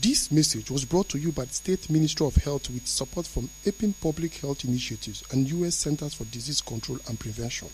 This message was brought to you by the State Ministry of Health with support from APIN Public Health Initiatives and U.S. Centers for Disease Control and Prevention.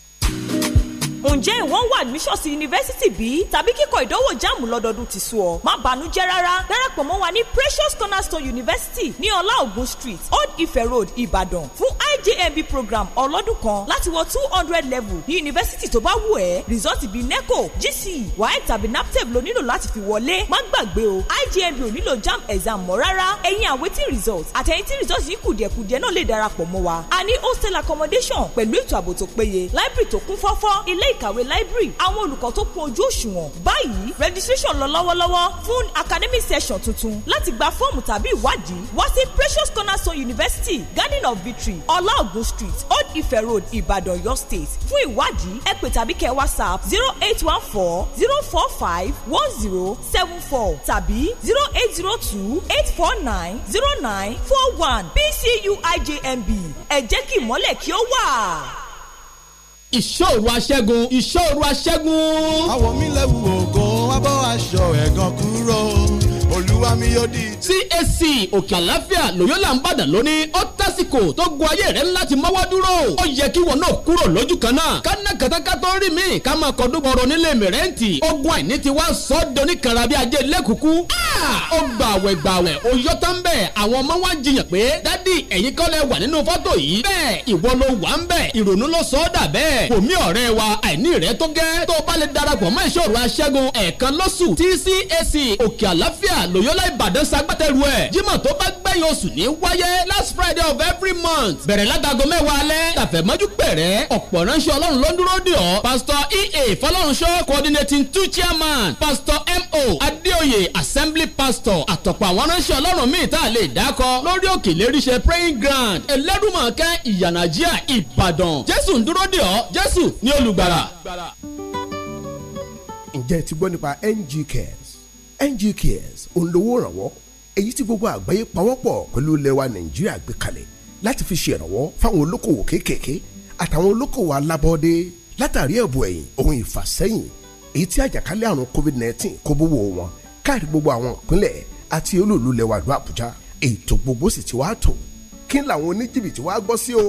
ǹjẹ́ ìwọ ń wá admission sí yunifásítì bí? tàbí kíkọ ìdánwò jáàmù lọ́dọọdún ti sú ọ? má bànújẹ́ rárá darapọ̀ mọ́ wa ní precious cornerstone university ní ọlá ògùn street old ife road ìbàdàn fún ijmb program ọlọ́dún kan láti wọ two hundred level ní yunifásítì tó bá wù ẹ́ result bíi neco gce waec tàbí naptep ló nílò láti fi wọlé má gbàgbé o ijmb ò nílò jam exam mọ́ rárá ẹ̀yin àwetí result àtẹ̀yìn tí result yìí kùdìẹ̀kudiẹ náà lè darapọ̀ mọ́ wa a ní hostel accommodation pẹ̀lú ètò ààbò tó péye library tó kún ilé ìkàwé library àwọn olùkọ́ tó kún ojú òṣùwọ̀n báyìí registration lọ lọ́wọ́lọ́wọ́ fún academic session tuntun láti gba fọ́ọ̀mù tàbí ìwádìí wá sí precious cornerstone university garden of victory ọláògùn street old ife road ìbàdàn yọ state fún ìwádìí ẹ pè tàbí kẹ whatsapp zero eight one four zero four five one zero seven four tàbí zero eight zero two eight four nine zero nine four one pcuijmb ẹ jẹ́ kí ìmọ́lẹ̀ kí ó wà ìṣòro aṣẹ́gun ìṣòro aṣẹ́gun. àwọ̀ mi lẹ́wù ògo wá bọ́ aṣọ ẹ̀gàn kúrò olúwa mi yóò di. CAC òkè àlàáfíà lòyọ́là ń bàdàn lónìí ó tásìkò tó gun ayé rẹ̀ láti mọ́wá dúró ó yẹ kí wọn náà kúrò lójú kan náà kánà kàtàkà tó rí mi ká máa kọdún bọ̀rọ̀ nílé mẹ̀rẹ́ǹtì ogun àìní ti wá sọ́ọ́dọ̀ ní kàràbí ajé lẹ́kùkú ah! ó gbàwẹ̀ gbàwẹ̀ ó yọ tán bẹ́ẹ̀ àwọn ọmọ wa ń jiyàn pé dádì ẹ̀yin kọ́ lẹ wà nínú fọ́tò yìí bẹ́ẹ̀ ìwọ ló wà ń bẹ̀ ìrònú ló sọ ọ́ dà bẹ́ẹ̀ wòmí ọ̀rẹ́ wa àìní rẹ̀ tó gẹ́ tó bá lè darapọ̀ mọ́ ìṣòro aṣẹ́gun ẹ̀ẹ̀kan lọ́sù tí òkè àlàáfíà Royal Loyola Ìbàdàn ṣagbátẹrù ẹ̀ Jímọ̀ tó bá gbẹ̀yìn oṣù ní wáyé last Friday of every month bẹ̀rẹ̀ látago mẹ́wàá alẹ́ tàfẹ̀mọ́jú pẹ̀rẹ́ ọ̀pọ̀ ránṣẹ́ Ọlọ́run ló ń dúró dè ọ́ Pastor EA Fọlọ́runṣọ́ coordinating two chairman Pastor MO Adéoyè assembly pastor àtọ̀pọ̀ àwọn ránṣẹ́ Ọlọ́run míì tá a lè dákọ lórí òkè lérìṣẹ́ praying ground Ẹlẹ́dùmarè ìyànàjíà Ìbàdàn Jésù ń dúró dè ọ́ Jésù ní olùgbàlà. ǹjẹ́ ẹ ti gbọ́ nípa NG Cares NG Cares òun lówó ìrànwọ́ èyí tí gbogbo àgbáyé pawọ́pọ̀ pẹ̀lú lẹ́wà nàìjíríà gbé kalẹ̀ láti fi ṣe ìrànwọ́ fáwọn olókòwò kéékèèké àtàwọn olókòwò alábọ́ọ́dé látàrí ẹ̀bù ẹ̀yìn ohun ìfàsẹ́yìn èyí tí àjàkálẹ̀ àrùn covid-19 kó bówó wọn káàkiri gbogbo àwọn ìpínlẹ̀ àti olúùlú lẹ́wà ìlú àbújá ètò gbogbo sì ti wá tò kí làwọn oníjìbìtì wá gbọ́ sí o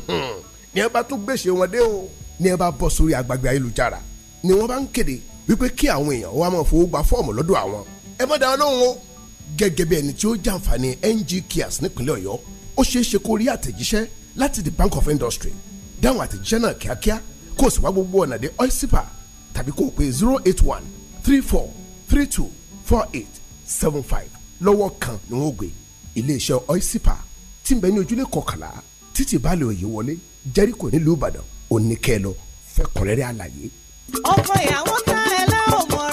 *laughs* ní ẹ bá tún gbèsè wọn dé o ní ẹ bá bọ́ sórí agbègbè ayélujára ni wọ́n bá ń kéde wípé kí àwọn èèyàn wá máa fowó gba fọ́ọ̀mù lọ́dọ̀ àwọn ẹ má dáa lóhùn o. gẹ́gẹ́ bí ẹni tí ó jàǹfààní ng kias nípínlẹ̀ ọ̀yọ́ ó ṣeé ṣe kó rí àtẹ̀jíṣẹ́ láti the bank of industry dáhùn àtẹ̀jíṣẹ́ náà kíákíá kó o sì wá gbogbo ọ̀nà dé oysipa tàbí kó o pe zero eight one three four three two four eight seven five lọ́wọ́ kan ni wọ́n gbé iléeṣẹ́ oysipa tí ń bẹ ní ojúlé kọkànlá títí balẹ̀ òye wọlé jẹ́ríkò nílùú ìbàdàn òní kẹ́ ẹ lẹ́ ò mọ̀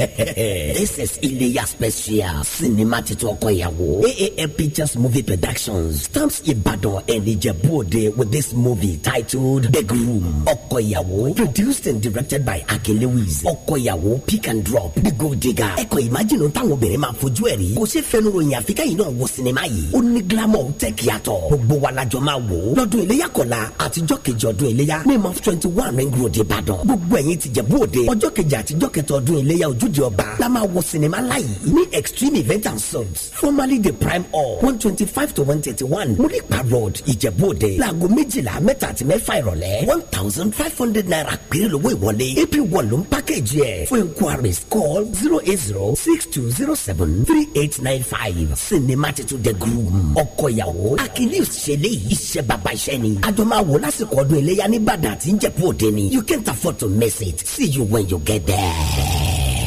*laughs* this is Iléyá special sinima titun ọkọ AAM Pictures movie productions stamps Ibadan and Ijebu-Ode with this movie titled The Groom ọkọ ìyàwó produced and directed by Ake Lewis ọkọ ìyàwó pick and drop The Gold Digger ẹ̀kọ́ ìmájìnnú táwọn obìnrin máa fojú ẹ̀ rí kò ṣe fẹnu ròyìn àfikà yìí náà wo sinima yìí ó ní glamour tẹ́kì yàtọ̀ gbogbo wa lajọ máa wò ó lọ́dún Iléyá kọ̀la àtijọ́ kejì ọdún Iléyá ní twenty one ring road Ìbàdàn gbogbo ẹ̀yin tìjẹ̀bú-Òde ọjọ́ kejì àtijọ́ kẹtọ̀ ọdún Iléyá ojú olójú ọba la máa wo sinimá láyé ní extreme event and subs formerly the prime hall one twenty five to one thirty one muripa road ìjẹ̀bú-òde láago méjìlá mẹ́ta àti mẹ́fà ìrọ̀lẹ́ one thousand five hundred naira péré lówó ìwọlé april one ló ń package yẹ fún inquiries call zero eight zero six two zero seven three eight nine five sinimá titun the groom ọkọ ìyàwó akilius ṣẹlẹ̀ yìí iṣẹ́ bàbá iṣẹ́ ni àjọ máa wò lásìkò ọdún iléyà ní ìbàdàn àti ìjẹ̀bú ni you can't afford to miss it see you when you get there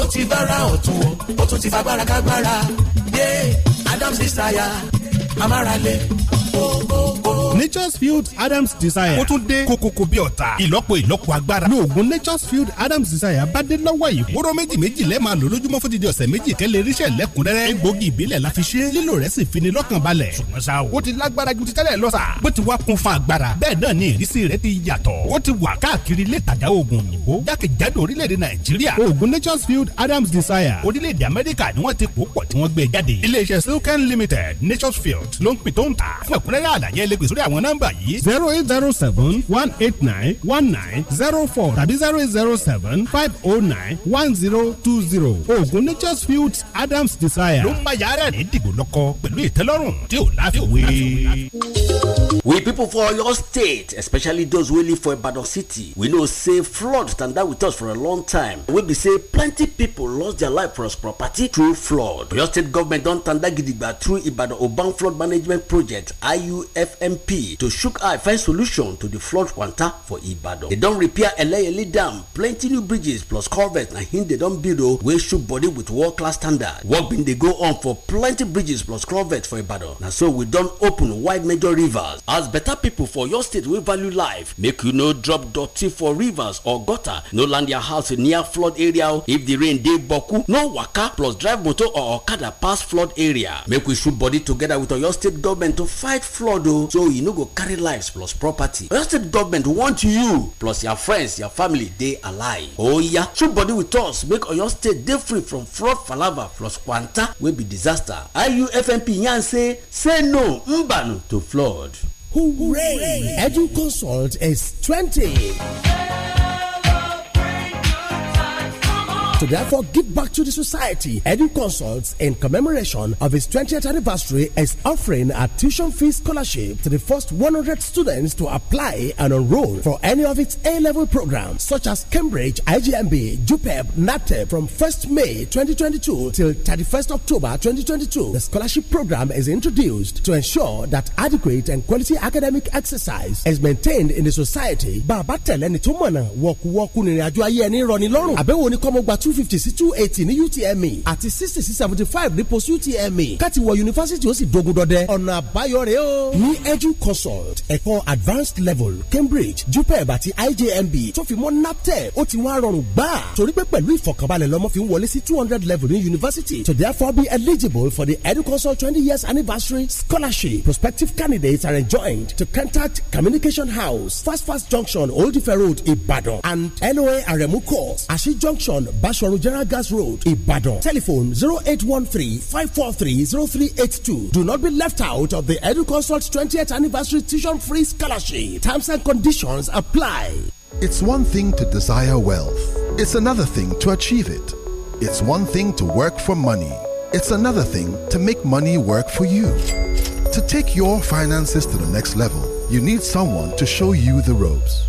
ó ti bára ọ̀tún o ó tún ti fagbára kágbára yé Adams desire amárale nature's field adams desire ó tún dé kókókó bí ọ̀tá ìlọ́po ìlọ́po agbára lóògùn nature's field adams desire bá dé lọ́wọ́ yìí wóró méjì méjì lẹ́ẹ̀ máa lò lójúmọ́ fún dídí ọ̀sẹ̀ méjì kẹ́lẹ́ irísẹ́ lẹ́kùnrẹ́rẹ́ egbògi ìbílẹ̀ la fi ṣe lílò rẹ̀ sì fi ni lọ́kàn balẹ̀ ṣùgbọ́n ṣá o ó ti lágbára ju ti tẹ́lẹ̀ lọ sà bó ti wá kún fún agbára bẹ́ẹ̀ náà ni ìrísí rẹ̀ ti yàtọ̀ ó ti wà káàkiri ilé ìtajà oògùn òyìnbó jákèjádò orílẹ̀ nature's field adams desire orílẹ̀-èdè amẹ́ríkà ni wọ́n ti pòpọ̀ tí wọ́n gbé e jáde limited nature's field ló ń pin ẹ̀kúnrẹ́rẹ́ àlàyé ẹ lè sórí àwọn nọ́mbà yìí. zero eight zero seven one eight nine one nine zero four tàbí zero eight zero seven five oh nine one zero two zero oògùn nature's fields adams desire. ló ń bá yàrá rẹ̀ dìgbò lọ́kọ pẹ̀lú ìtẹ́lọ́rùn tí ò láfiwé. We people for your State, especially those wey live for Ibadan City, we know say flood stand with us for a long time. We be say plenty people lost their life for us property through flood. Oyo State government don tanda gidigba through Ibadan Oban Flood Management Project IUFMP to shook eye find solution to the flood kwanta for Ibadan. They don repair Eleyele Dam, plenty new bridges plus culverts na him they don build o wey shook body with world class standard. Work bin dey go on for plenty bridges plus culverts for Ibadan. Na so we don open wide major rivers. As better people for your state wey value life, make you no drop dirty for rivers or gutter, no land your house near flood area if the rain dey boku, no waka plus drive motor or okada pass flood area. Make we shook body together with Oyo state government to fight get flood o so you no go carry lives plus property oyo state government want you plus your friends your family dey alive oya show body with us make oyo state dey free from fraud palava plus kwanta wey be disaster iufmp yarn say say no mbanu to flood. hooray edu consult is twenty to therefore give back to the society. Edu Consults, in commemoration of its 20th anniversary, is offering a tuition fee scholarship to the first 100 students to apply and enroll for any of its A level programs, such as Cambridge, IGMB, JUPEB, NATEP, from 1st May 2022 till 31st October 2022. The scholarship program is introduced to ensure that adequate and quality academic exercise is maintained in the society. Bàbá tẹ̀lẹ́ni tó mọ̀nà wọ̀kúwọ́kú nìrìnàjò ayé ẹni rọ̀ ní lọ́rùn. Àbẹ̀wò ni kọ́mọ́gbà two fifty sí two eighty ní UTME àti sixty sí seventy five ní post UTME káti wọ yunifásitì ó sì dogun dọdẹ ọ̀nà àbáyọ rèé o. ní edu consult ẹ̀kọ́ advanced level Cambridge JUPEB àti IJMB tó fi mọ́ NAPTEP ó ti wá rọrùn gbà torí pé pẹ̀lú ìfọ̀kànbalẹ̀ lọ́mọ fi ń wọlé sí two hundred level ní yunifásitì to therefore be eligible for the edu consult twenty years anniversary scholarship prospective candidates are enjoined to contact communication house fast fast junction old ife road Ibadan and loa aremu course ashi junction bash Basoro General Gas Road, Ibadan. Telephone 0813-543-0382. Do not be left out of the EduConsult 20th Anniversary Tuition Free Scholarship. Terms and conditions apply. It's one thing to desire wealth. It's another thing to achieve it. It's one thing to work for money. It's another thing to make money work for you. To take your finances to the next level, you need someone to show you the ropes.